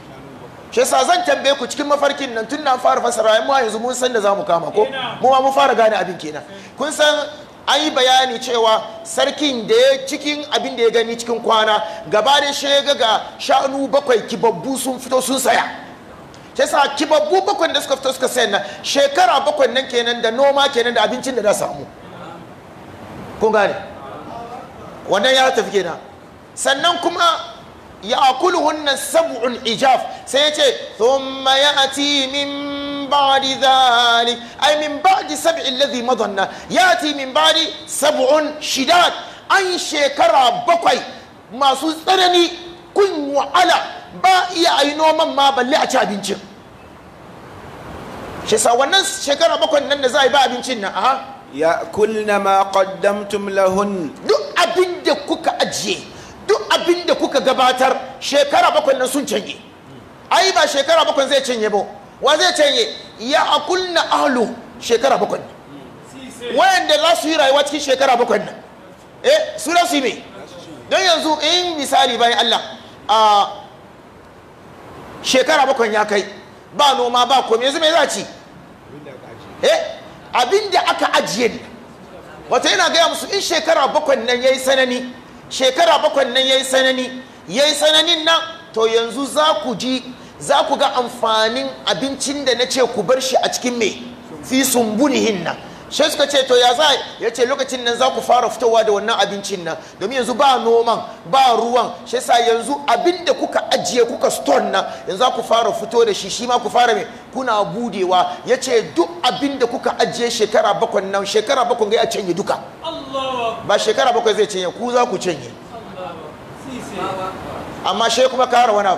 shi sa zan tambaye ku cikin mafarkin nan tun na fara fasara mu yanzu mun san da za mu kama ko mu ma mun fara gane abin kenan kun san an yi bayani cewa sarkin da ya cikin abin da ya gani cikin kwana gaba da shi ga shanu bakwai kibabbu sun fito sun saya sai sa kibabbu bakwai da suka fito suka sayan na shekara bakwai nan kenan da noma kenan da abincin da na samu kun gane wannan ya tafi kenan sannan kuma ya akuluhunna sabu'un ijaf sai ya ce thumma ya'ti min بعد ذلك أي من بعد سبع الذي مضى يأتي من بعد سبع شداد أن شكرا بقي ما سنستنني كن وعلا با iya a noman ma balle a ci abincin shi sa wannan shekara bakwai nan za a yi ba abincin nan a ya kulna ma qaddamtum lahun duk abin kuka ajiye duk abin kuka gabatar shekara bakwai sun ba shekara bakwai zai cinye ba wa zai canye ya akunna ahlu shekara bakwai wayanda za su yi rayuwa cikin shekara bakwai ne eh su su yi me don yanzu in misali bayan Allah a shekara bakwai ya kai ba noma ba kome yanzu me za ci eh abinda aka ajiye ne wata yana gaya musu in shekara bakwai nan yi sanani shekara bakwai nan yi sanani yi sananin nan to yanzu za ku ji za ku ga amfanin abincin da na ce ku bar shi a cikin mai fi sumbunihin nan shi suka ce to ya za ya ce lokacin nan za ku fara fitowa da wannan abincin nan domin yanzu ba noman ba ruwan shi sa yanzu abin da kuka ajiye kuka store nan yanzu za ku fara fito da shi shi ma ku fara mai kuna budewa ya ce duk abin da kuka ajiye shekara bakwai nan shekara bakwai ga ya canye duka ba shekara bakwai zai canye ku za ku canye amma shi kuma kara wani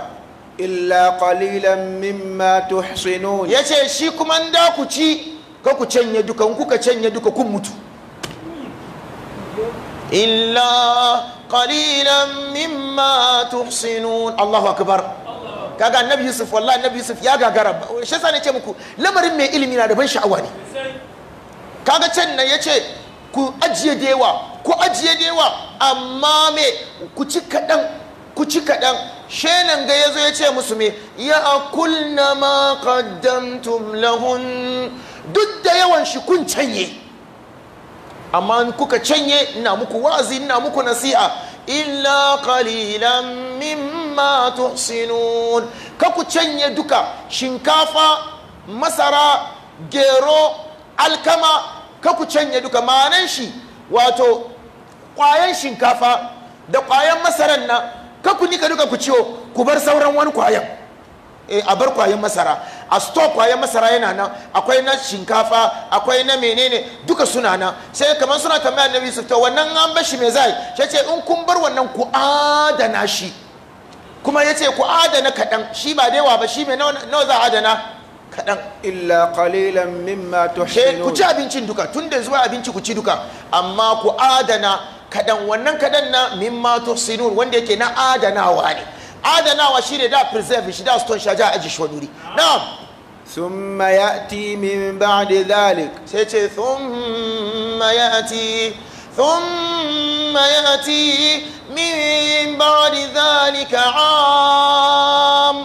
illa qalilan mimma tuhsinun yace shi kuma da ku ci ka ku canye ku ka canye duka kun mutu illa qalilan mimma tuhsinun Allahu akbar kaga annabi Yusuf wallahi annabi Yusuf ya gagara shi sa ce muku lamarin mai ilimi na da ban sha'awa ne kaga can nan yace ku ajiye da yawa ku ajiye da yawa amma me ku ci kadan ku ci kaɗan shenan ga ya zo ya ce musu me ya akulna ma qaddamtum lahun duk da yawan shi kun canye amma kuka canye ina muku wa'azi ina muku nasi'a illa qalilan mimma tuhsinun ka ku canye duka shinkafa masara gero alkama ka ku canye duka ma'anan shi wato kwayan shinkafa da ƙwayan masaran nan kakku ka duka ku ciwo ku bar sauran wani kwayan eh, a bar kwayan masara a store kwayan masara yana nan akwai na shinkafa akwai na menene duka suna nan sai kamar suna tambaya annabi su ta wannan an bar shi me zai sai ce in kun bar wannan ku adana shi kuma yace ku adana kadan shi ba da yawa ba shi me nawa za adana kadan. illa qalilan mimma tuhsinun eh, ku ci abincin duka tunda da zuwa abinci ku ci duka amma ku adana kadan wannan kadan na mimma tuhsinun wanda yake na adanawa ne adanawa shine da preserve shi da stone shaja aji shi wani na'am thumma ya'ti min ba'di dhalik sai ce thumma ya'ti thumma ya'ti min ba'di dhalika 'am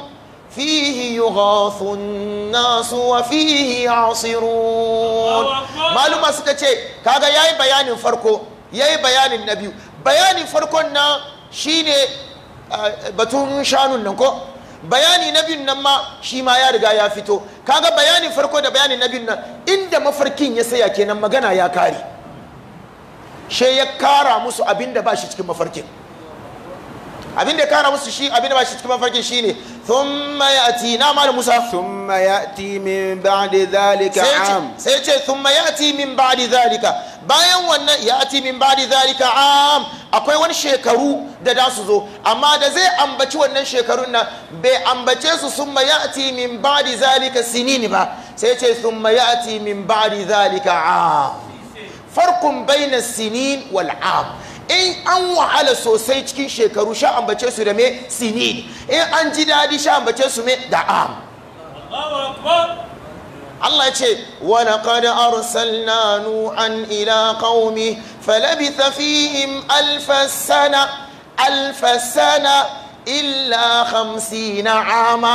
فيه يغاث الناس وفيه يعصرون معلومة ستة ya yi bayanin na biyu bayanin farkon na shine ah, batun shanun nan ko bayani na biyun nan ma shi ma ya riga ya fito kaga bayanin farko da bayanin na biyun nan inda mafarkin ya saya kenan magana ya kare shi ya kara musu abinda ba shi cikin mafarkin abin da ya kara musu shi abin da ba shi cikin mafarkin shine thumma ya'ti na mal musa thumma ya'ti min da zalika am sai ce thumma ya'ti min da zalika bayan wannan ati min da zalika am akwai wani shekaru da da su zo amma da zai ambaci wannan shekarun nan bai ambace su thumma ya'ti min da zalika sinin ba sai ce thumma ya'ti min da zalika am farkun bayna sinin wal'am. am in an wahala sosai cikin shekaru sha ambace su da me sini in an ji daɗi sha ambace su me da am Allah ya ce wa laqad arsalna nuhan ila qaumi falabitha fihim alf sana illa sana illa 50 ama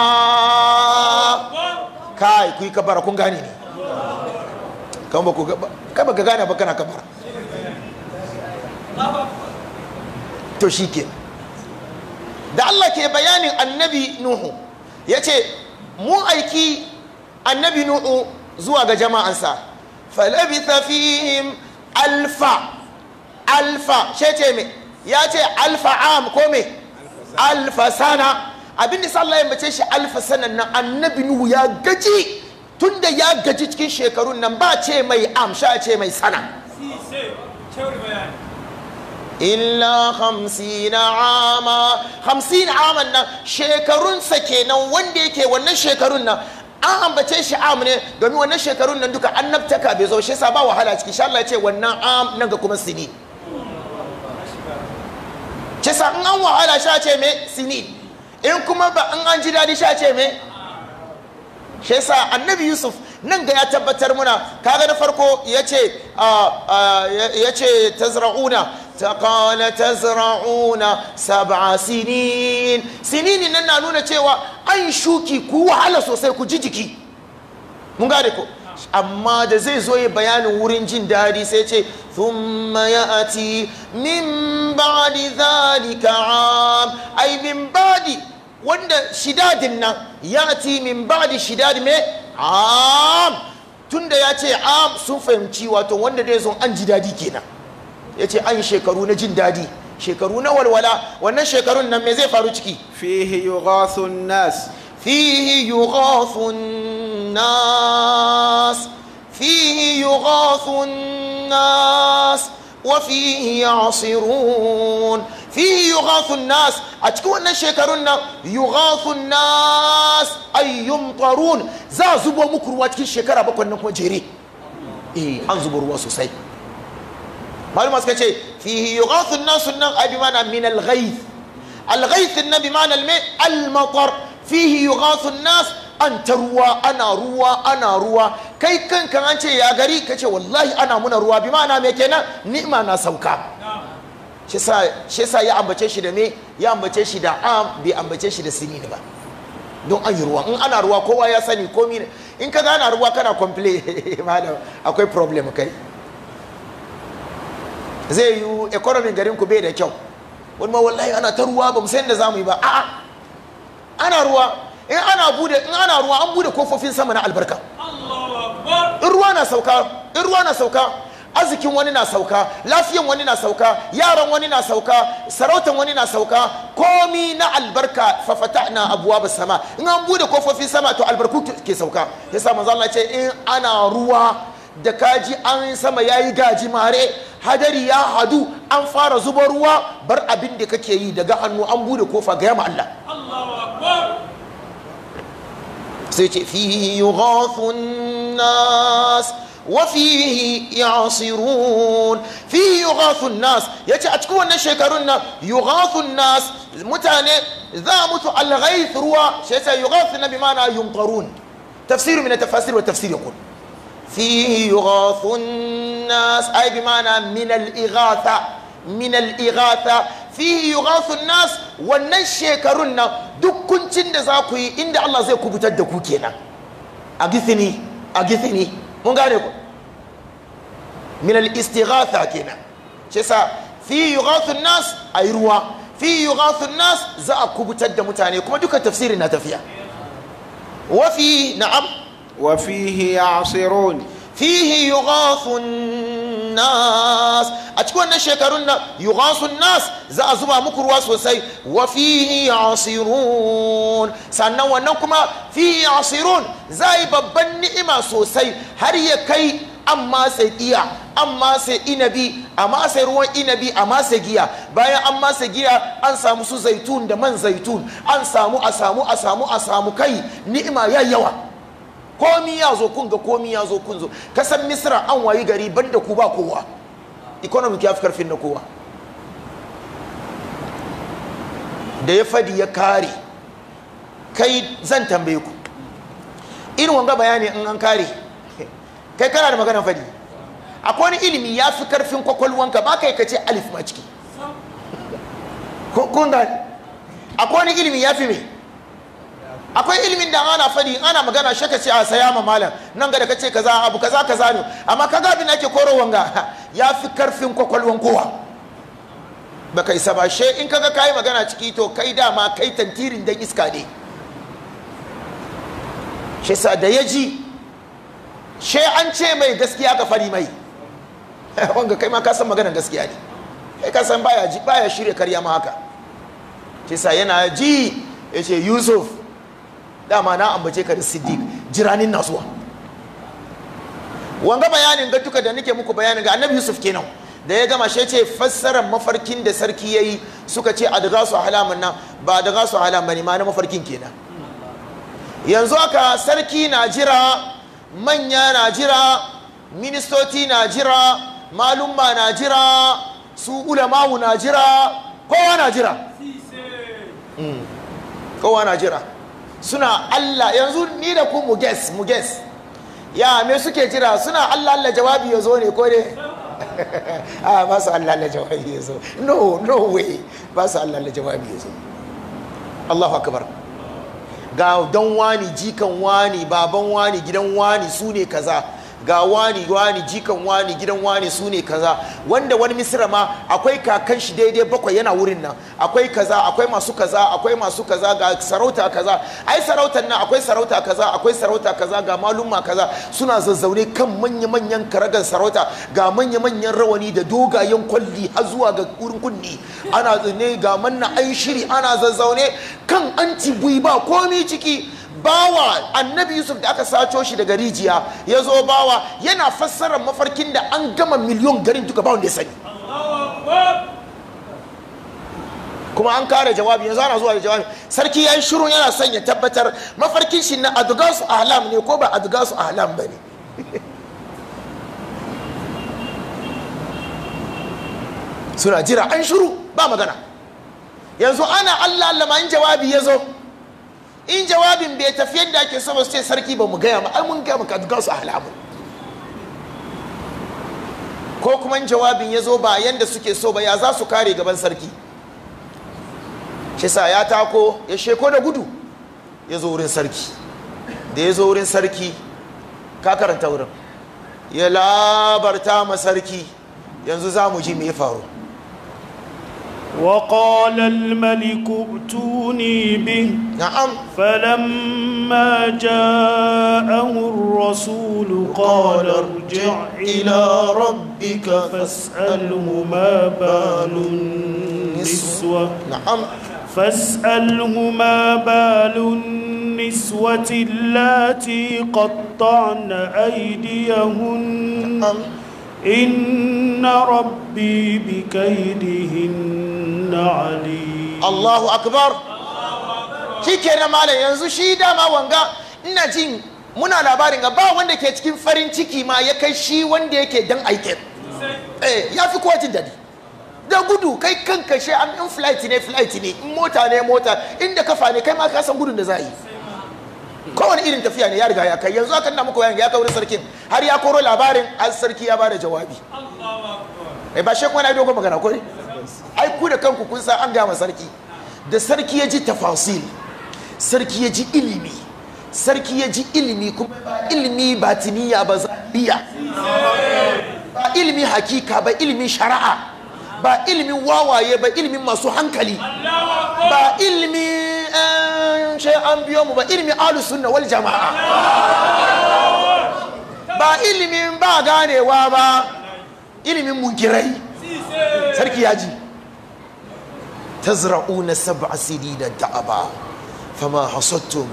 kai ku kabara kun gane ne kan ba ka gane ba kana kabara to shi ke da Allah ke bayanin annabi nuhu ya ce mun aiki annabi nuhu zuwa ga jama'ansa falabitha fihim alfa alfa shi ce me ya ce alfa am ko mai alfa sana abin da sallah ya mace shi alfa sanan nan annabi nuhu ya gaji tunda ya gaji cikin shekarun nan ba ce mai am sha ce mai sana illa hamsin ama hamsin aman nan shekarunsa kenan wanda yake wannan shekarun nan an ambace shi am ne domin wannan shekarun nan duka annabtaka bai zo shi ba wahala ciki sha Allah ya ce wannan am nan ga kuma sini Kisa in an wahala sha ce me sini in kuma ba in an ji dadi sha ce me shi yasa annabi yusuf nan ga ya tabbatar muna kaga na farko ya ce ya ce tazra'una قال تزرعون nan na nuna cewa an shuki ku wahala sosai ku ji jiki mun gane ko amma da zai zo ya bayanin wurin jin daɗi sai ce thumma ya'ati min ba'di dhalika am ay min ba'di wanda shidadin nan ya ti min ba ba'di shidadi me am tunda ya ce am sun fahimci wato wanda dai zo an ji dadi kenan ya ce an shekaru na jin dadi shekaru na walwala wannan shekarun nan me zai faru ciki fihi yughathun nas fihi yughathun nas fihi yughathun nas وفيه يعصرون fihi yughathun nas a cikin wannan shekarun na yughathun nas ay yumtarun za zubo muku ruwa cikin shekara bakwai nan kuma jere eh an zubo ruwa sosai malama suka ce fihi yughathun nas nan abi mana min al-ghayth nas an ta ruwa ana ruwa ana ruwa kai kanka an ce ya gari ka ce wallahi ana muna ruwa bi ma'ana me kenan ni'ima na sauka shi sa ya ambace shi da me ya ambace shi da am bai ambace shi da sinin ba don an yi ruwa in ana ruwa kowa ya sani komi in ka ana ruwa kana komple malam akwai problem kai zai yi economy garin ku bai da kyau wani ma wallahi ana ta ruwa ba mu san da mu yi ba a'a ana ruwa in ana bude in ana ruwa an bude kofofin sama na albarka in ruwa na sauka in ruwa na sauka arzikin wani na sauka lafiyan wani na sauka yaran wani na sauka sarautan wani na sauka komi na albarka fafata na abuwa ba sama in an bude kofofin sama to albarku ke sauka yasa manzo Allah ce in ana ruwa da kaji an sama yayi gaji mare hadari ya hadu an fara zuba ruwa bar abin da kake yi daga hannu an bude kofa ga yamma Allah Allahu akbar سيتي فيه يغاث الناس وفيه يعصرون فيه يغاث الناس يتي اتكو ان شكرنا يغاث الناس متاني ذامت الغيث روى شيتا يغاثنا بمعنى يمطرون تفسير من التفاسير والتفسير يقول فيه يغاث الناس اي بمعنى من الاغاثه من الاغاثه فيه يغاث الناس والنشي كرنا duk kuncin da za ku yi inda Allah zai kubutar da ku kenan a gisini a gisini mun gane ku min istighatha kenan shi yasa fi yughathu nas ay ruwa fi yughathu nas za a kubutar da mutane kuma duka tafsirin na tafiya wa fi na'am wa fihi ya'sirun fihi yughathun nas a cikin wannan shekarun na yughathun nas za a zuba muku ruwa sosai wa fihi asirun sannan wannan kuma fihi asirun za yi babban ni'ima sosai har ya kai an matse iya an matse inabi a matse ruwan inabi a matse giya bayan an matse giya an samu su zaitun da man zaitun an samu a samu a samu a samu kai ni'ima ya yawa komi ya zo kun ga komi ya zo kun zo kasan misra an wayi gari banda ku ba kowa economic ya fi karfin na kowa da ya fadi ya kare kai zan tambaye ku irin wanga bayani in an kare kai kana da magana fadi akwai wani ilimi ya fi karfin kwakwalwanka ba kai ka ce alif ma ciki kun gani akwai wani ilimi ya fi mai akwai ilimin da ana fadi ana magana shaka ce a saya ma malam nan ga da kace kaza abu kaza kaza ne amma kaga abin ake koro wanga ya fi karfin kwakwalwan kowa baka isa ba she in kaga kai magana ciki to kai dama kai tantirin dan iska ne she sa da yaji she an ce mai gaskiya ka fari mai wanga kai ma ka san magana gaskiya ne kai ka san baya ji baya shirye karya ma haka she sa yana ji yace yusuf dama na ambace ka da siddiq jiranin na zuwa wanga bayanin ga duka da nake muku bayanin ga annabi yusuf kenan da ya gama shi ce fassarar mafarkin da sarki ya yi suka ce a daga su nan ba daga su bane ma na mafarkin kenan yanzu aka sarki na jira manya na jira ministoci na jira malumma na jira su ulamawu na jira kowa na jira hmm, kowa na jira suna Allah yanzu ni da ku mu guess mu guess ya me suke jira suna Allah Allah jawabi ya zo ne ko ne a ah, ba su Allah Allah jawabi ya zo no no way ba su Allah Allah jawabi ya zo Allahu akbar ga dan wani jikan wani baban wani gidan wani su ne kaza ga wani wani jikan wani gidan wani su ne kaza wanda wani misira ma akwai kakan shi daidai bakwai yana wurin nan akwai kaza akwai masu kaza akwai masu kaza ga sarauta kaza ai sarautar nan akwai sarauta kaza akwai sarauta kaza ga malumma kaza suna zazzaune kan manya-manyan karagan sarauta ga manya-manyan rawani da dogayen kwalli har zuwa ga wurin kunni ana ne ga manna an shiri ana zazzaune kan anti bui ba komi ciki bawa annabi yusuf da aka saco shi daga rijiya ya zo bawa yana fassara mafarkin da an gama miliyon garin duka bawon da ya sani kuma an kare jawabi yanzu ana zuwa da jawabi sarki ya yi shiru yana son ya tabbatar mafarkin shi na adugasu ahlam ne ko ba adugasu ahlam ba ne suna jira an shiru ba magana yanzu ana allah lamayin jawabi ya zo in jawabin bai tafi yadda ake so ba su ce sarki ba mu gaya ma ai mun gaya maka duka a halamu ko kuma in jawabin ya zo ba yadda suke so ba ya za su kare gaban sarki Kisa ya tako ya sheko da gudu ya zo wurin sarki da ya zo wurin sarki ka karanta wurin ya labarta ma sarki yanzu za mu ji mai ya faru وقال الملك ائتوني به نعم فلما جاءه الرسول قال ارجع إلى ربك فاسأله ما بال النسوة نعم فاسأله ما بال النسوة اللاتي قطعن أيديهن نعم inna ربي بكيدهن عليم الله أكبر shi kenan malam yanzu shi dama wanga ina jin muna labarin ga ba wanda ke cikin farin ciki ma ya kai shi wanda yake dan aike. eh ya fi kowa jin dadi da gudu kai kanka kashe an in flight ne flight ne mota ne mota inda kafa ne kai ma ka san gudun da za yi kowane irin tafiya ne ya riga ya kai yanzu aka nuna muku ya kai wurin sarkin har ya koro labarin an sarki ya bada jawabi eh ba shi kuma na dogon magana ko ai ku da kanku kun san an gama sarki da sarki ya ji tafasil sarki ya ji ilimi sarki ya ji ilimi kuma ba ilimi batiniya ba zabiya ba ilimi hakika ba ilimi shari'a ba ilimin wawaye ba ilimin masu hankali ba ilimi eh, an biyo mu ba ilimin alusunna wal jama'a ba ilimin ba ganewa ba ilimin munkirai sarki yaji tazra'una sab'a sidida da'aba fama hasattum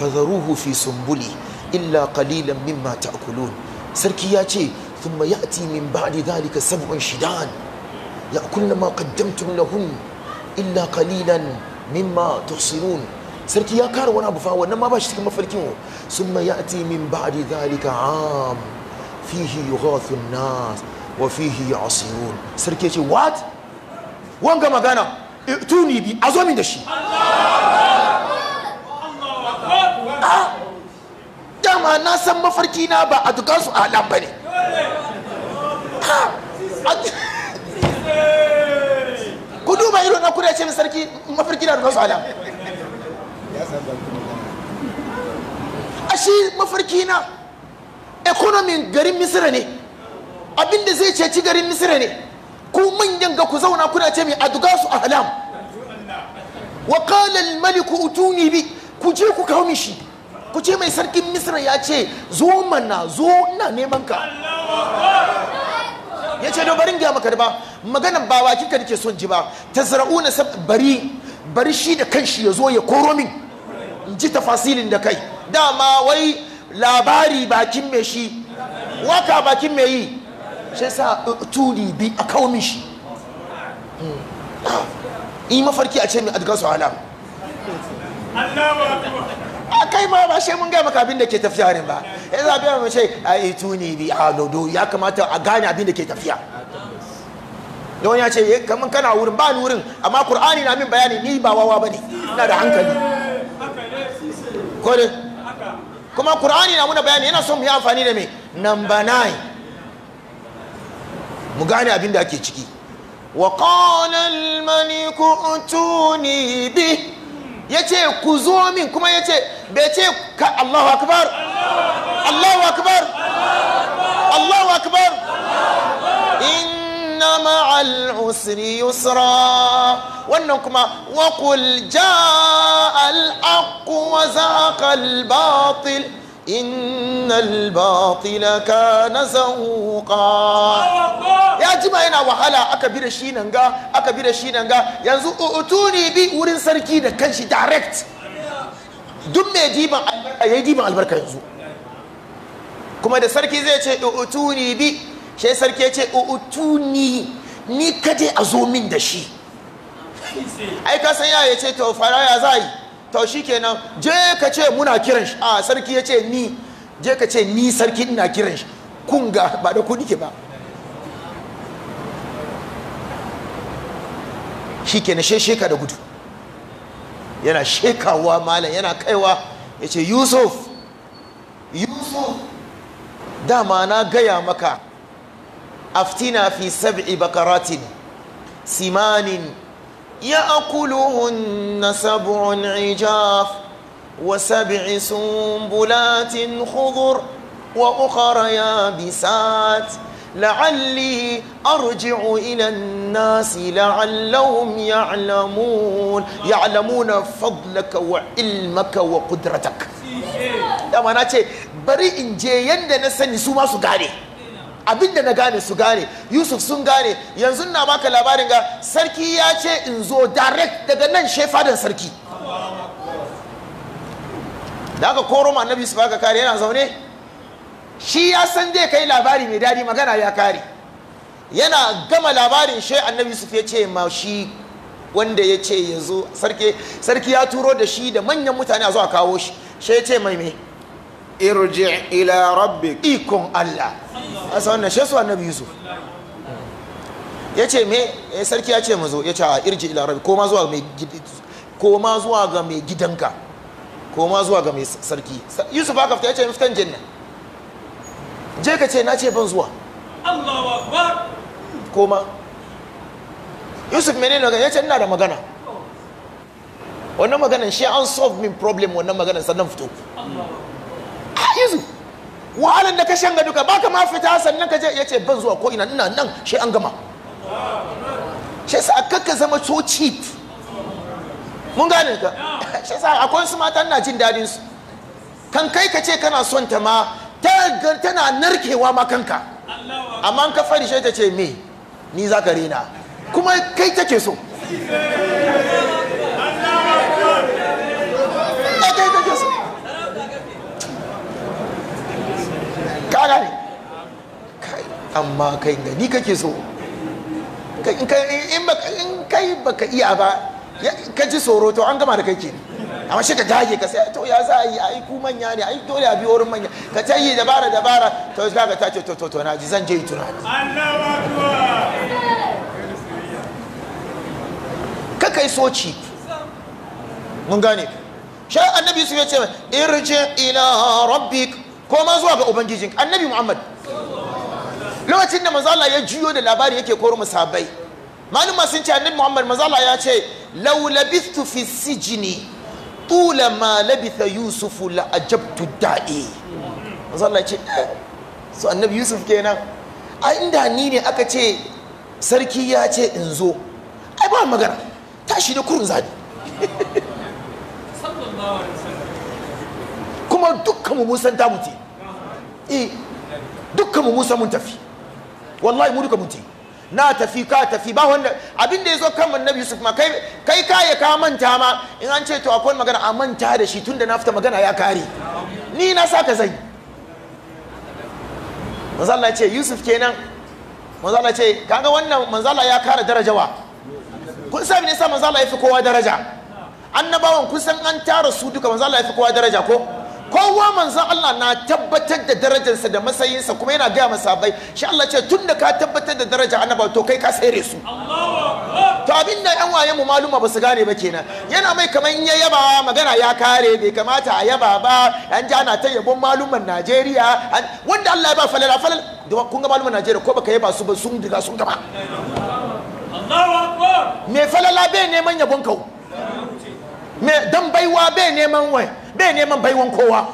fadharuhu fi sumbuli illa kalilan mimma ta'kulun sarki ya ce thumma ya'ti min ba'di zalika sab'un shidan ya'kulna ma qaddamtum lahun illa kalilan mimma tuhsinun sarki ya kara wani abu fa wannan ma ba shi cikin mafarkin wo summa ya'ti min ba'di dhalika am fihi yughathu nas wa fihi ya'sirun sarki ce what wanga magana eh, tuni bi a zo min da shi ah, dama na san mafarki na ba a dukan su alam ba ne ah, ku duba irin na kudace sarki mafarki na dukan su alam ashi mafarki na economy garin misira ne abinda zai ceci garin misira ne ku manyan ga ku zauna kuna ce mai aduga su a halam wa qala al malik utuni bi ku je ku kawo shi ku ce mai sarkin misira ya ce zo mana zo ina neman ka ya ce barin gaya maka da ba maganan ba wa kika nake son ji ba tazra'una bari bari shi da kanshi ya zo ya koro min in ji tafasilin da kai dama wai labari bakin mai shi waka bakin mai yi shi sa uh, tuli bi a kawo shi hmm. yi mafarki a ce mai adgan su a kai ma ba shi mun gaya maka abin da ke tafiya ne ba ya zaɓi mai ce a yi tuni bi a ah, lodo ya kamata a gane abin da ke tafiya yawon ya ce eh, kamar kana wurin ba ni wurin amma kur'ani na min bayani ni ba wawa ba ne ina da hankali ko kuma qur'ani na muna bayani yana son mu yi amfani da me number 9 mu gane abin da ake ciki wa qala al malik utuni bi yace ku zo min kuma yace bai ce ka Allahu akbar Allahu akbar Allahu akbar Allahu akbar inna ma'al usri yusra wannan kuma wa qul jaa al wa zaqa batil inna al batila kana zahuqa ya jima yana wahala aka bi da shi nan ga aka bi da shi nan ga yanzu utuni bi wurin sarki da kanshi direct duk mai diban albarka yayi diban albarka yanzu kuma da sarki zai ce utuni bi shi sarki ya ce utu ni ni kaje a zo min da shi ai ka san yaya ce to faraya za yi to shi kenan je ka ce muna kiran shi a sarki ya ce ni je ka ce ni sarki ina kiran shi kunga ba da kudi ke ba shi kenan she sheka da gudu yana shekawa malam yana kaiwa ya ce yusuf yusuf dama na gaya maka أفتنا في سبع بقرات سمان يأكلهن سبع عجاف وسبع سنبلات خضر وأخر يابسات لعلي أرجع إلى الناس لعلهم يعلمون يعلمون فضلك وعلمك وقدرتك دمنا ce بري in je yanda na abinda na gane su gane yusuf sun gane yanzu na baka labarin ga sarki ya ce in zo direct daga nan shefadan sarki da aka koro ma annabi su baka kare yana zaune shi ya san zai kai labari mai daɗi magana ya kare yana gama labarin shi annabi su ya ce ma shi wanda ya ce ya zo sarki ya turo da shi da manyan mutane a zuwa kawo shi shi ya ce mai mai irji ila rabbi ikon Allah an san wannan shesu annabi yusuf ya ce me ya eh, sarki ya ce mazo ya ce a irji ila rabi koma zuwa mai gidanka koma zuwa ga mai gidanka koma zuwa ga mai sarki yusuf aka fita ya ce miftan jinnan je ka ce na ce ban zuwa Allahu akbar koma yusuf menene ga ya ce ina da magana wannan maganan shi an solve min problem wannan maganan sannan fito ah, yusuf wahalar da ka shanga duka baka ma fita sannan ka je ya ce ban zuwa ko ina ina nan shi an gama shi sa ka zama so cheap mun gane ka shi sa akwai su mata na jin dadin su kan kai ka ce kana son ta ma Ta tana narkewa ma kanka amma ka fari shi ta ce me ni za ka rena kuma kai take so ka gane kai amma kai gani kake so in kai baka iya ba ka ji tsoro to an gama da kai ke amma shi ka dage ka sai to ya za a yi ai ku manya ne ai dole a bi wurin manya ka ta yi dabara dabara to za ka ta ce to to to na ji zan je yi tunani ka kai soci mun gane shi annabi su ya ce irji ila rabbik koma zuwa ga ubangijin annabi muhammad lokacin da mazala ya juyo da labari yake koro musabai maluma sun ce annabi muhammad mazala ya ce law labithtu fi sijni tula ma labitha yusufu la ajabtu da'i mazala ce eh, so annabi yusuf kenan a inda ni ne aka ce sarki ya ce in zo ai ba magana tashi da kurun zabi kuma dukkanmu mun san tamu ce eh dukkanmu mun san mun tafi wallahi mu duka mutu na tafi ka tafi ba wanda abin da yazo kan annabi Yusuf ma kai kai ya ka manta ma in an ce to akwai magana a manta da shi tunda na fita magana ya kare ni na saka zai manzo Allah ce Yusuf kenan manzo Allah ce kaga wannan manzo Allah ya kare wa kun san me yasa manzo Allah ya fi kowa daraja annabawan kun san an tara su duka manzo Allah ya fi kowa daraja ko kowa manzon Allah na tabbatar da darajarsa da matsayinsa kuma yana gaya masabai shi Allah ce tun da ka tabbatar da daraja annaba to kai ka tsere su to abin da yan waye mu maluma ba su gane ba kenan yana mai kamar in ya yaba magana ya kare bai kamata a yaba ba an ji ana ta yabon maluman Najeriya wanda Allah ya ba falala falal da kun ga maluman Najeriya ko baka yaba su ba sun diga sun gaba me falala bai neman yabon kau me dan baiwa bai neman wai bai neman baiwan kowa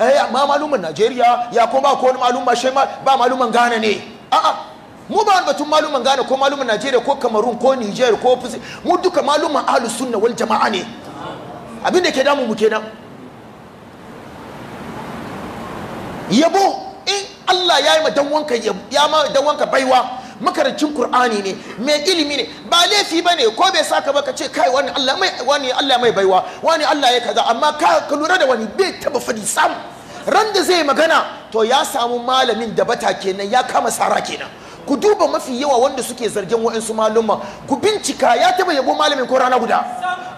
eh amma malumin Najeriya ya ko ba ko maluma shi ba maluman Ghana ne a'a mu ba batun maluman Ghana ko maluman Najeriya ko Kamarun, ko Niger ko mu duka maluman ahlus sunna wal jama'a ne abin da ke damu mu kenan yabo in Allah ya yi ma wanka ya ma dan wanka baiwa makarancin Kur'ani ne mai ilimi ne ba laifi ba ne, ko bai saka ba ka ce kai wani Allah mai wani Allah mai baiwa wani Allah ya kaza amma ka ka lura da wani bai taba fadi sam ran da zai magana to ya samu malamin da bata kenan ya kama sara kenan ku duba mafi yawa wanda suke zargin wa'insu maluma ku bincika ya taba yabo malamin ko rana guda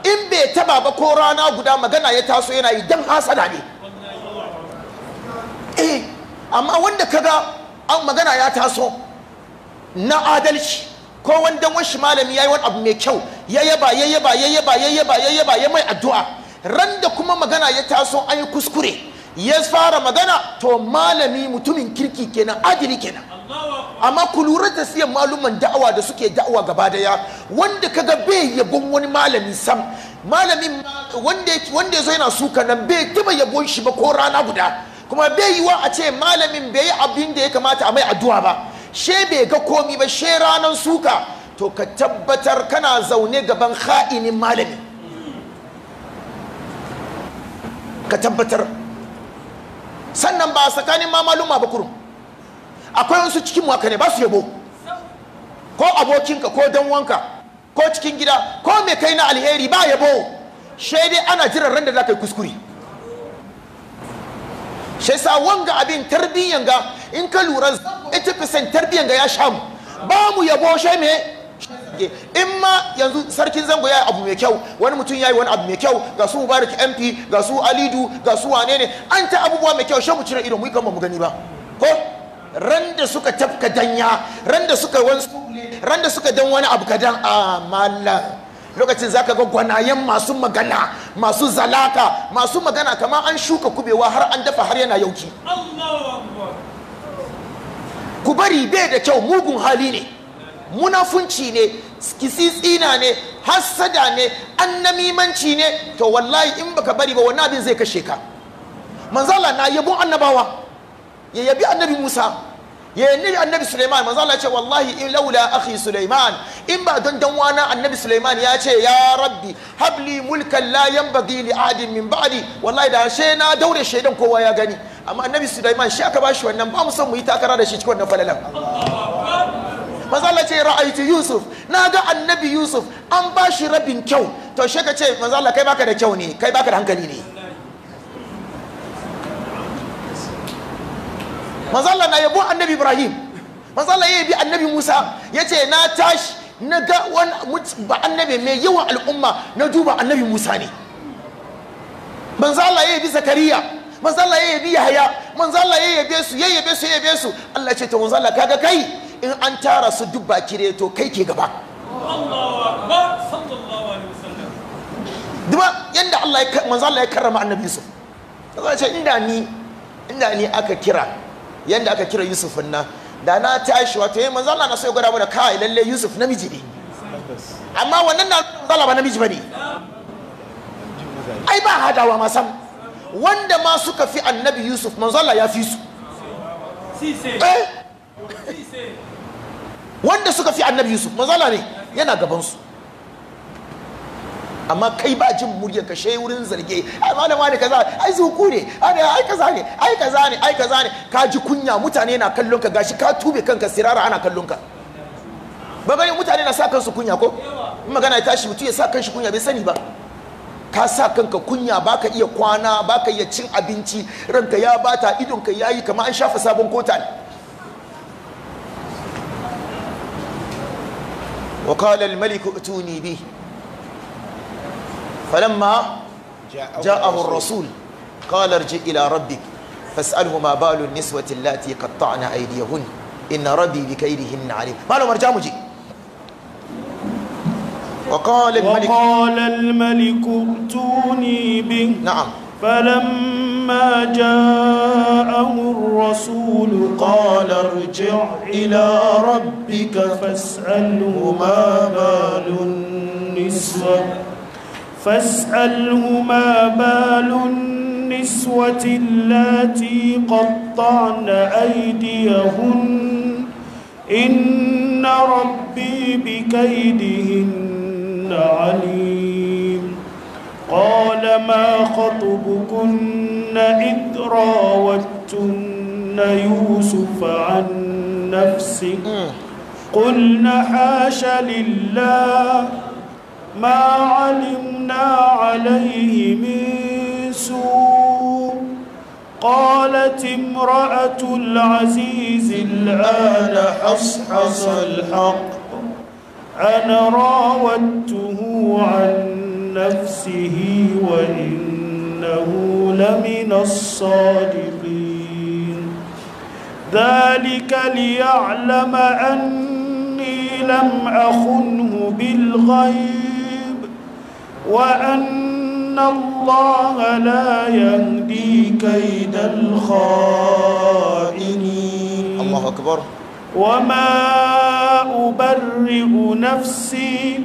in bai taba ba ko rana guda magana ya taso yana yi dan hasada ne eh amma wanda kaga an magana ya taso na adalci ko wanda washi malami yayi wani abu mai kyau ya yaba ya yaba ya yaba ya yaba ya yaba ya mai addu'a ran da kuma magana ya taso an yi kuskure ya fara magana to malami mutumin kirki kenan adili kenan amma ku lura da siyan maluman da'awa da suke da'awa gaba daya wanda kaga bai yabon wani malami sam malamin wanda wanda yazo yana suka nan bai taba yabon shi ba ko rana guda kuma bai yiwa a ce malamin bai yi abin da ya kamata a mai addu'a ba she bai ga komi ba she ranar suka to ka tabbatar kana zaune gaban ha'inin malami ka tabbatar sannan ba tsakanin ma maluma ba kurum akwai wasu cikin waka ne ba su yabo ko abokinka ko dan wanka ko cikin gida ko mai kai na alheri ba yabo she dai ana jiran ran da za ka yi kuskure shi yasa wanga abin tarbiyyan ga in ka lura 80% tarbiyyan ga ya sha mu ba mu yabo shi me in ma yanzu sarkin zango ya yi abu mai kyau wani mutum ya yi wani abu mai kyau ga su mubarak mp ga su alidu ga su wane ne an ta abubuwa mai kyau shan mu cire ido mu yi kama mu gani ba ko ran suka tafka danya ran suka wani ran da suka dan wani abu kadan a ah, mallam lokacin zaka ga gwanayen masu magana masu zalaka masu magana kama an shuka kubewa har an dafa har yana yauki ku bari bai da kyau mugun hali ne munafunci ne kisitsina ne hassada ne annamimanci ne to wallahi in baka bari ba wani abin zai kashe ka manzala na yabon annabawa ya yabi annabi musa ya annabi Sulaiman manzo Allah ya ce wallahi in laula akhi Suleiman in ba don dan wana annabi Sulaiman ya ce ya rabbi habli mulkan la yanbaghi li adin min ba'di wallahi da she na daure shaidan kowa ya gani amma annabi Sulaiman shi aka bashi wannan ba mu son mu yi takara da shi cikin wannan falalan manzo Allah ce ra'aiti Yusuf na ga annabi Yusuf an bashi rabin kyau to she ka ce manzo Allah kai baka da kyau ne kai baka da hankali ne manzala na yabo annabi ibrahim manzala ya yabi annabi musa ya ce na tashi na ga wani ba annabi mai yawan al'umma na duba annabi musa ne manzala ya yabi zakariya manzala ya yabi yahaya manzala ya yabe su ya yabe su ya yabe su allah ce ta manzala kaga kai in an tara su duk baki to kai ke gaba duba yadda allah ya manzala ya karrama annabinsu ta ce inda ni inda ni aka kira yadda aka kira yusuf nan da na tashi wato yayin eh, manzo na so ya gwada mana kawai lalle yusuf namiji ne amma wannan na zala ba namiji ba ne. ai ba hadawa ma sam wanda ma suka fi annabi yusuf manzala ya fi su eh? wanda suka fi annabi yusuf manzala ne yana gaban su amma kai ba jin muryar ka shai wurin zarge ai malama ne kaza ai zuku ne ai kaza ne ai kaza ne ai kaza ne ka ji kunya mutane na kallon ka gashi ka tube kanka sirara ana kallon ka ba gani mutane na sa kansu kunya ko in magana ya tashi mutum ya sa kanshi kunya bai sani ba ka sa kanka kunya baka iya kwana baka iya cin abinci ranka ya bata idonka yayi kamar an shafa sabon kota ne وقال الملك ائتوني به فلما جاءه الرسول قال ارجع إلى ربك فاسأله ما بال النسوة اللاتي قطعن أيديهن إن ربي بكيدهن عليم ما له مرجع مجي وقال الملك وقال الملك ائتوني به نعم فلما جاءه الرسول قال ارجع إلى ربك فاسأله ما بال النسوة فاسأله ما بال النسوة اللاتي قطعن أيديهن إن ربي بكيدهن عليم قال ما خطبكن إذ راوتن يوسف عن نفسه قلن حاش لله ما علمنا عليه من سوء قالت امرأة العزيز الآن حصحص الحق أنا راودته عن نفسه وإنه لمن الصادقين ذلك ليعلم أني لم أخنه بالغيب وأن الله لا يهدي كيد الخائنين الله أكبر وما أبرئ نفسي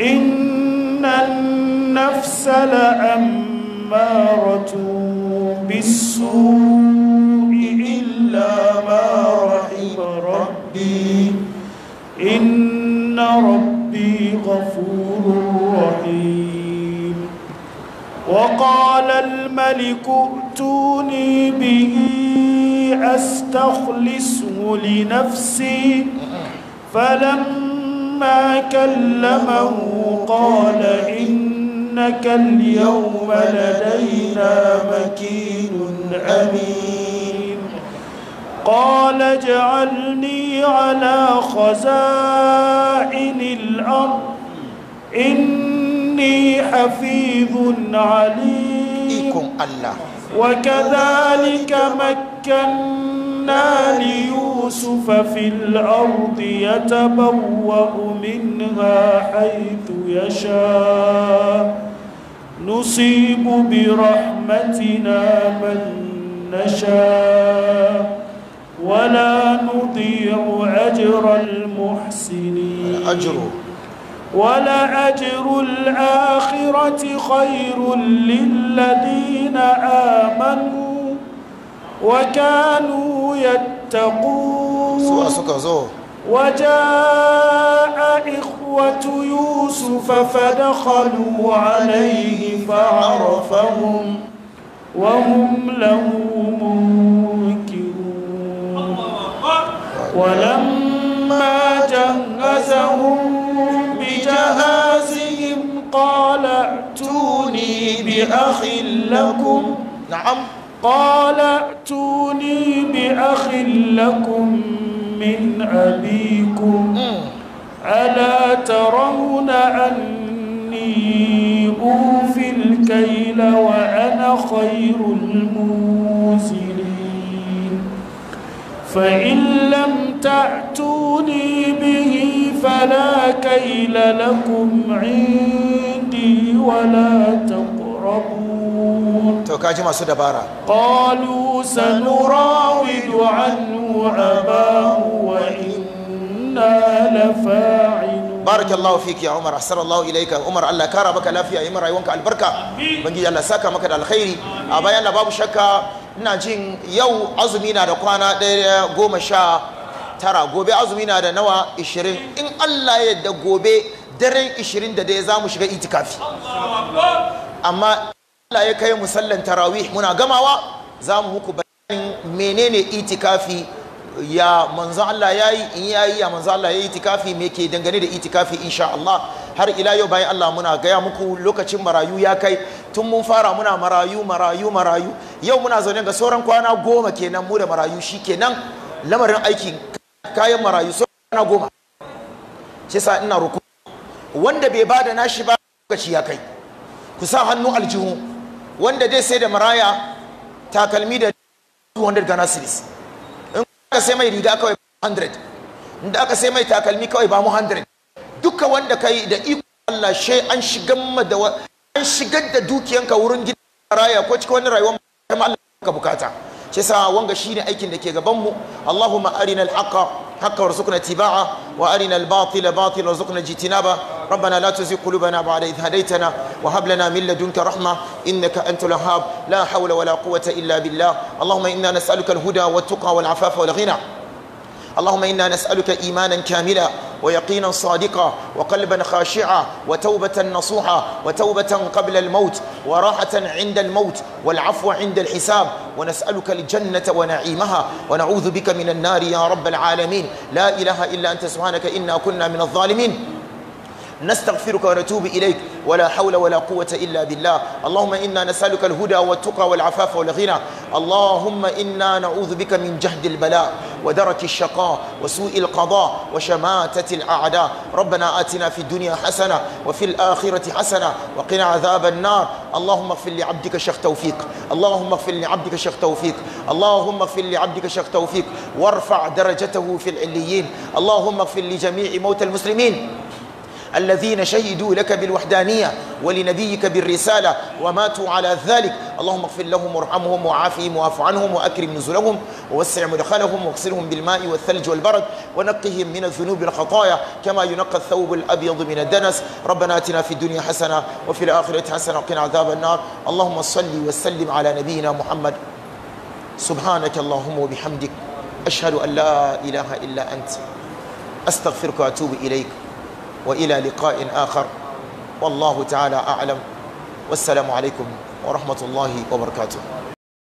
إن النفس لأمارة بالسوء إلا ما رحم ربي إن ربي ربي غفور رحيم وقال الملك ائتوني به أستخلصه لنفسي فلما كلمه قال إنك اليوم لدينا مكين أمين قال اجعلني على خزائن الأرض إني حفيظ عليم وكذلك مكنا ليوسف في الأرض يتبوأ منها حيث يشاء نصيب برحمتنا من نشاء ولا نضيع أجر المحسنين أجر ولا أجر الآخرة خير للذين آمنوا وكانوا يتقون وجاء إخوة يوسف فدخلوا عليه فعرفهم وهم له منكرون ولما جهزهم بجهازهم قال ائتوني بأخ لكم نعم قال ائتوني بأخ لكم من أبيكم ألا ترون أني أوفي الكيل وأنا خير الموزلين فإن لم تأتوني به فلا كيل لكم عندي ولا تقربون قالوا سنراود عنه أباه وإنا لفاعلون barakallahu fiki ya umar ahsanallahu ilaika umar Allah kara maka lafiya yi rayuwanka albarka bangi Allah saka maka da alkhairi a bayan babu shakka ina jin yau azumi na da kwana ɗaya goma sha tara gobe azumi na da nawa ishirin in allah ya yadda gobe daren ishirin da daya za mu shiga itikafi amma allah ya kai musallan tarawih muna gamawa za mu muku bayanin menene itikafi ya manzan Allah ya yi in ya yi ya manzan Allah ya yi itikafi me ke dangane da itikafi insha Allah har ila yau bayan Allah muna gaya muku lokacin marayu ya kai tun mun fara muna marayu marayu marayu yau muna zaune ga sauran kwana goma kenan mu da marayu shi kenan lamarin aiki kayan marayu sauran kwana goma shi sa ina ruku wanda bai ba da nashi ba lokaci ya kai ku sa hannu aljihu wanda zai sai da maraya takalmi da 200 Ghana cedis in aka sai mai riga kawai 100 inda aka sai mai takalmi kawai ba mu 100 duka wanda kai da iko Allah shai an shigan ma da an shigar da dukiyanka wurin gidan raya ko cikin wani rayuwa har ma Allah ka bukata shi yasa wanga ne aikin da ke gaban mu Allahumma arina al-haqa haqqa warzuqna tibaa wa arina al-batila batila warzuqna jitinaba ربنا لا تزغ قلوبنا بعد إذ هديتنا وهب لنا من لدنك رحمة إنك أنت الوهاب لا حول ولا قوة إلا بالله اللهم إنا نسألك الهدى والتقى والعفاف gina. اللهم إنا نسألك إيمانا كاملا ويقينا صادقا وقلبا خاشعا وتوبة نصوحا وتوبة قبل الموت وراحة عند الموت والعفو عند الحساب ونسألك الجنة ونعيمها ونعوذ بك من النار يا رب العالمين لا إله إلا أنت سبحانك إنا كنا من الظالمين نستغفرك ونتوب إليك ولا حول ولا قوة إلا بالله اللهم إنا نسألك الهدى والتقى والعفاف والغنى اللهم إنا نعوذ بك من جهد البلاء ودرك الشقاء وسوء القضاء وشماتة الأعداء ربنا آتنا في الدنيا حسنة وفي الآخرة حسنة وقنا عذاب النار اللهم اغفر لعبدك شيخ توفيق اللهم اغفر لعبدك شيخ توفيق اللهم اغفر لعبدك شيخ توفيق وارفع درجته في العليين اللهم اغفر لجميع موتى المسلمين الذين شهدوا لك بالوحدانية ولنبيك بالرسالة وماتوا على ذلك اللهم اغفر لهم وارحمهم وعافهم واعف عنهم وأكرم نزلهم ووسع مدخلهم واغسلهم بالماء والثلج والبرد ونقهم من الذنوب والخطايا كما ينقى الثوب الأبيض من الدنس ربنا آتنا في الدنيا حسنة وفي الآخرة حسنة وقنا عذاب النار اللهم صل وسلم على نبينا محمد سبحانك اللهم وبحمدك أشهد أن لا إله إلا أنت أستغفرك وأتوب إليك وإلى لقاء آخر والله تعالى أعلم والسلام عليكم ورحمة الله وبركاته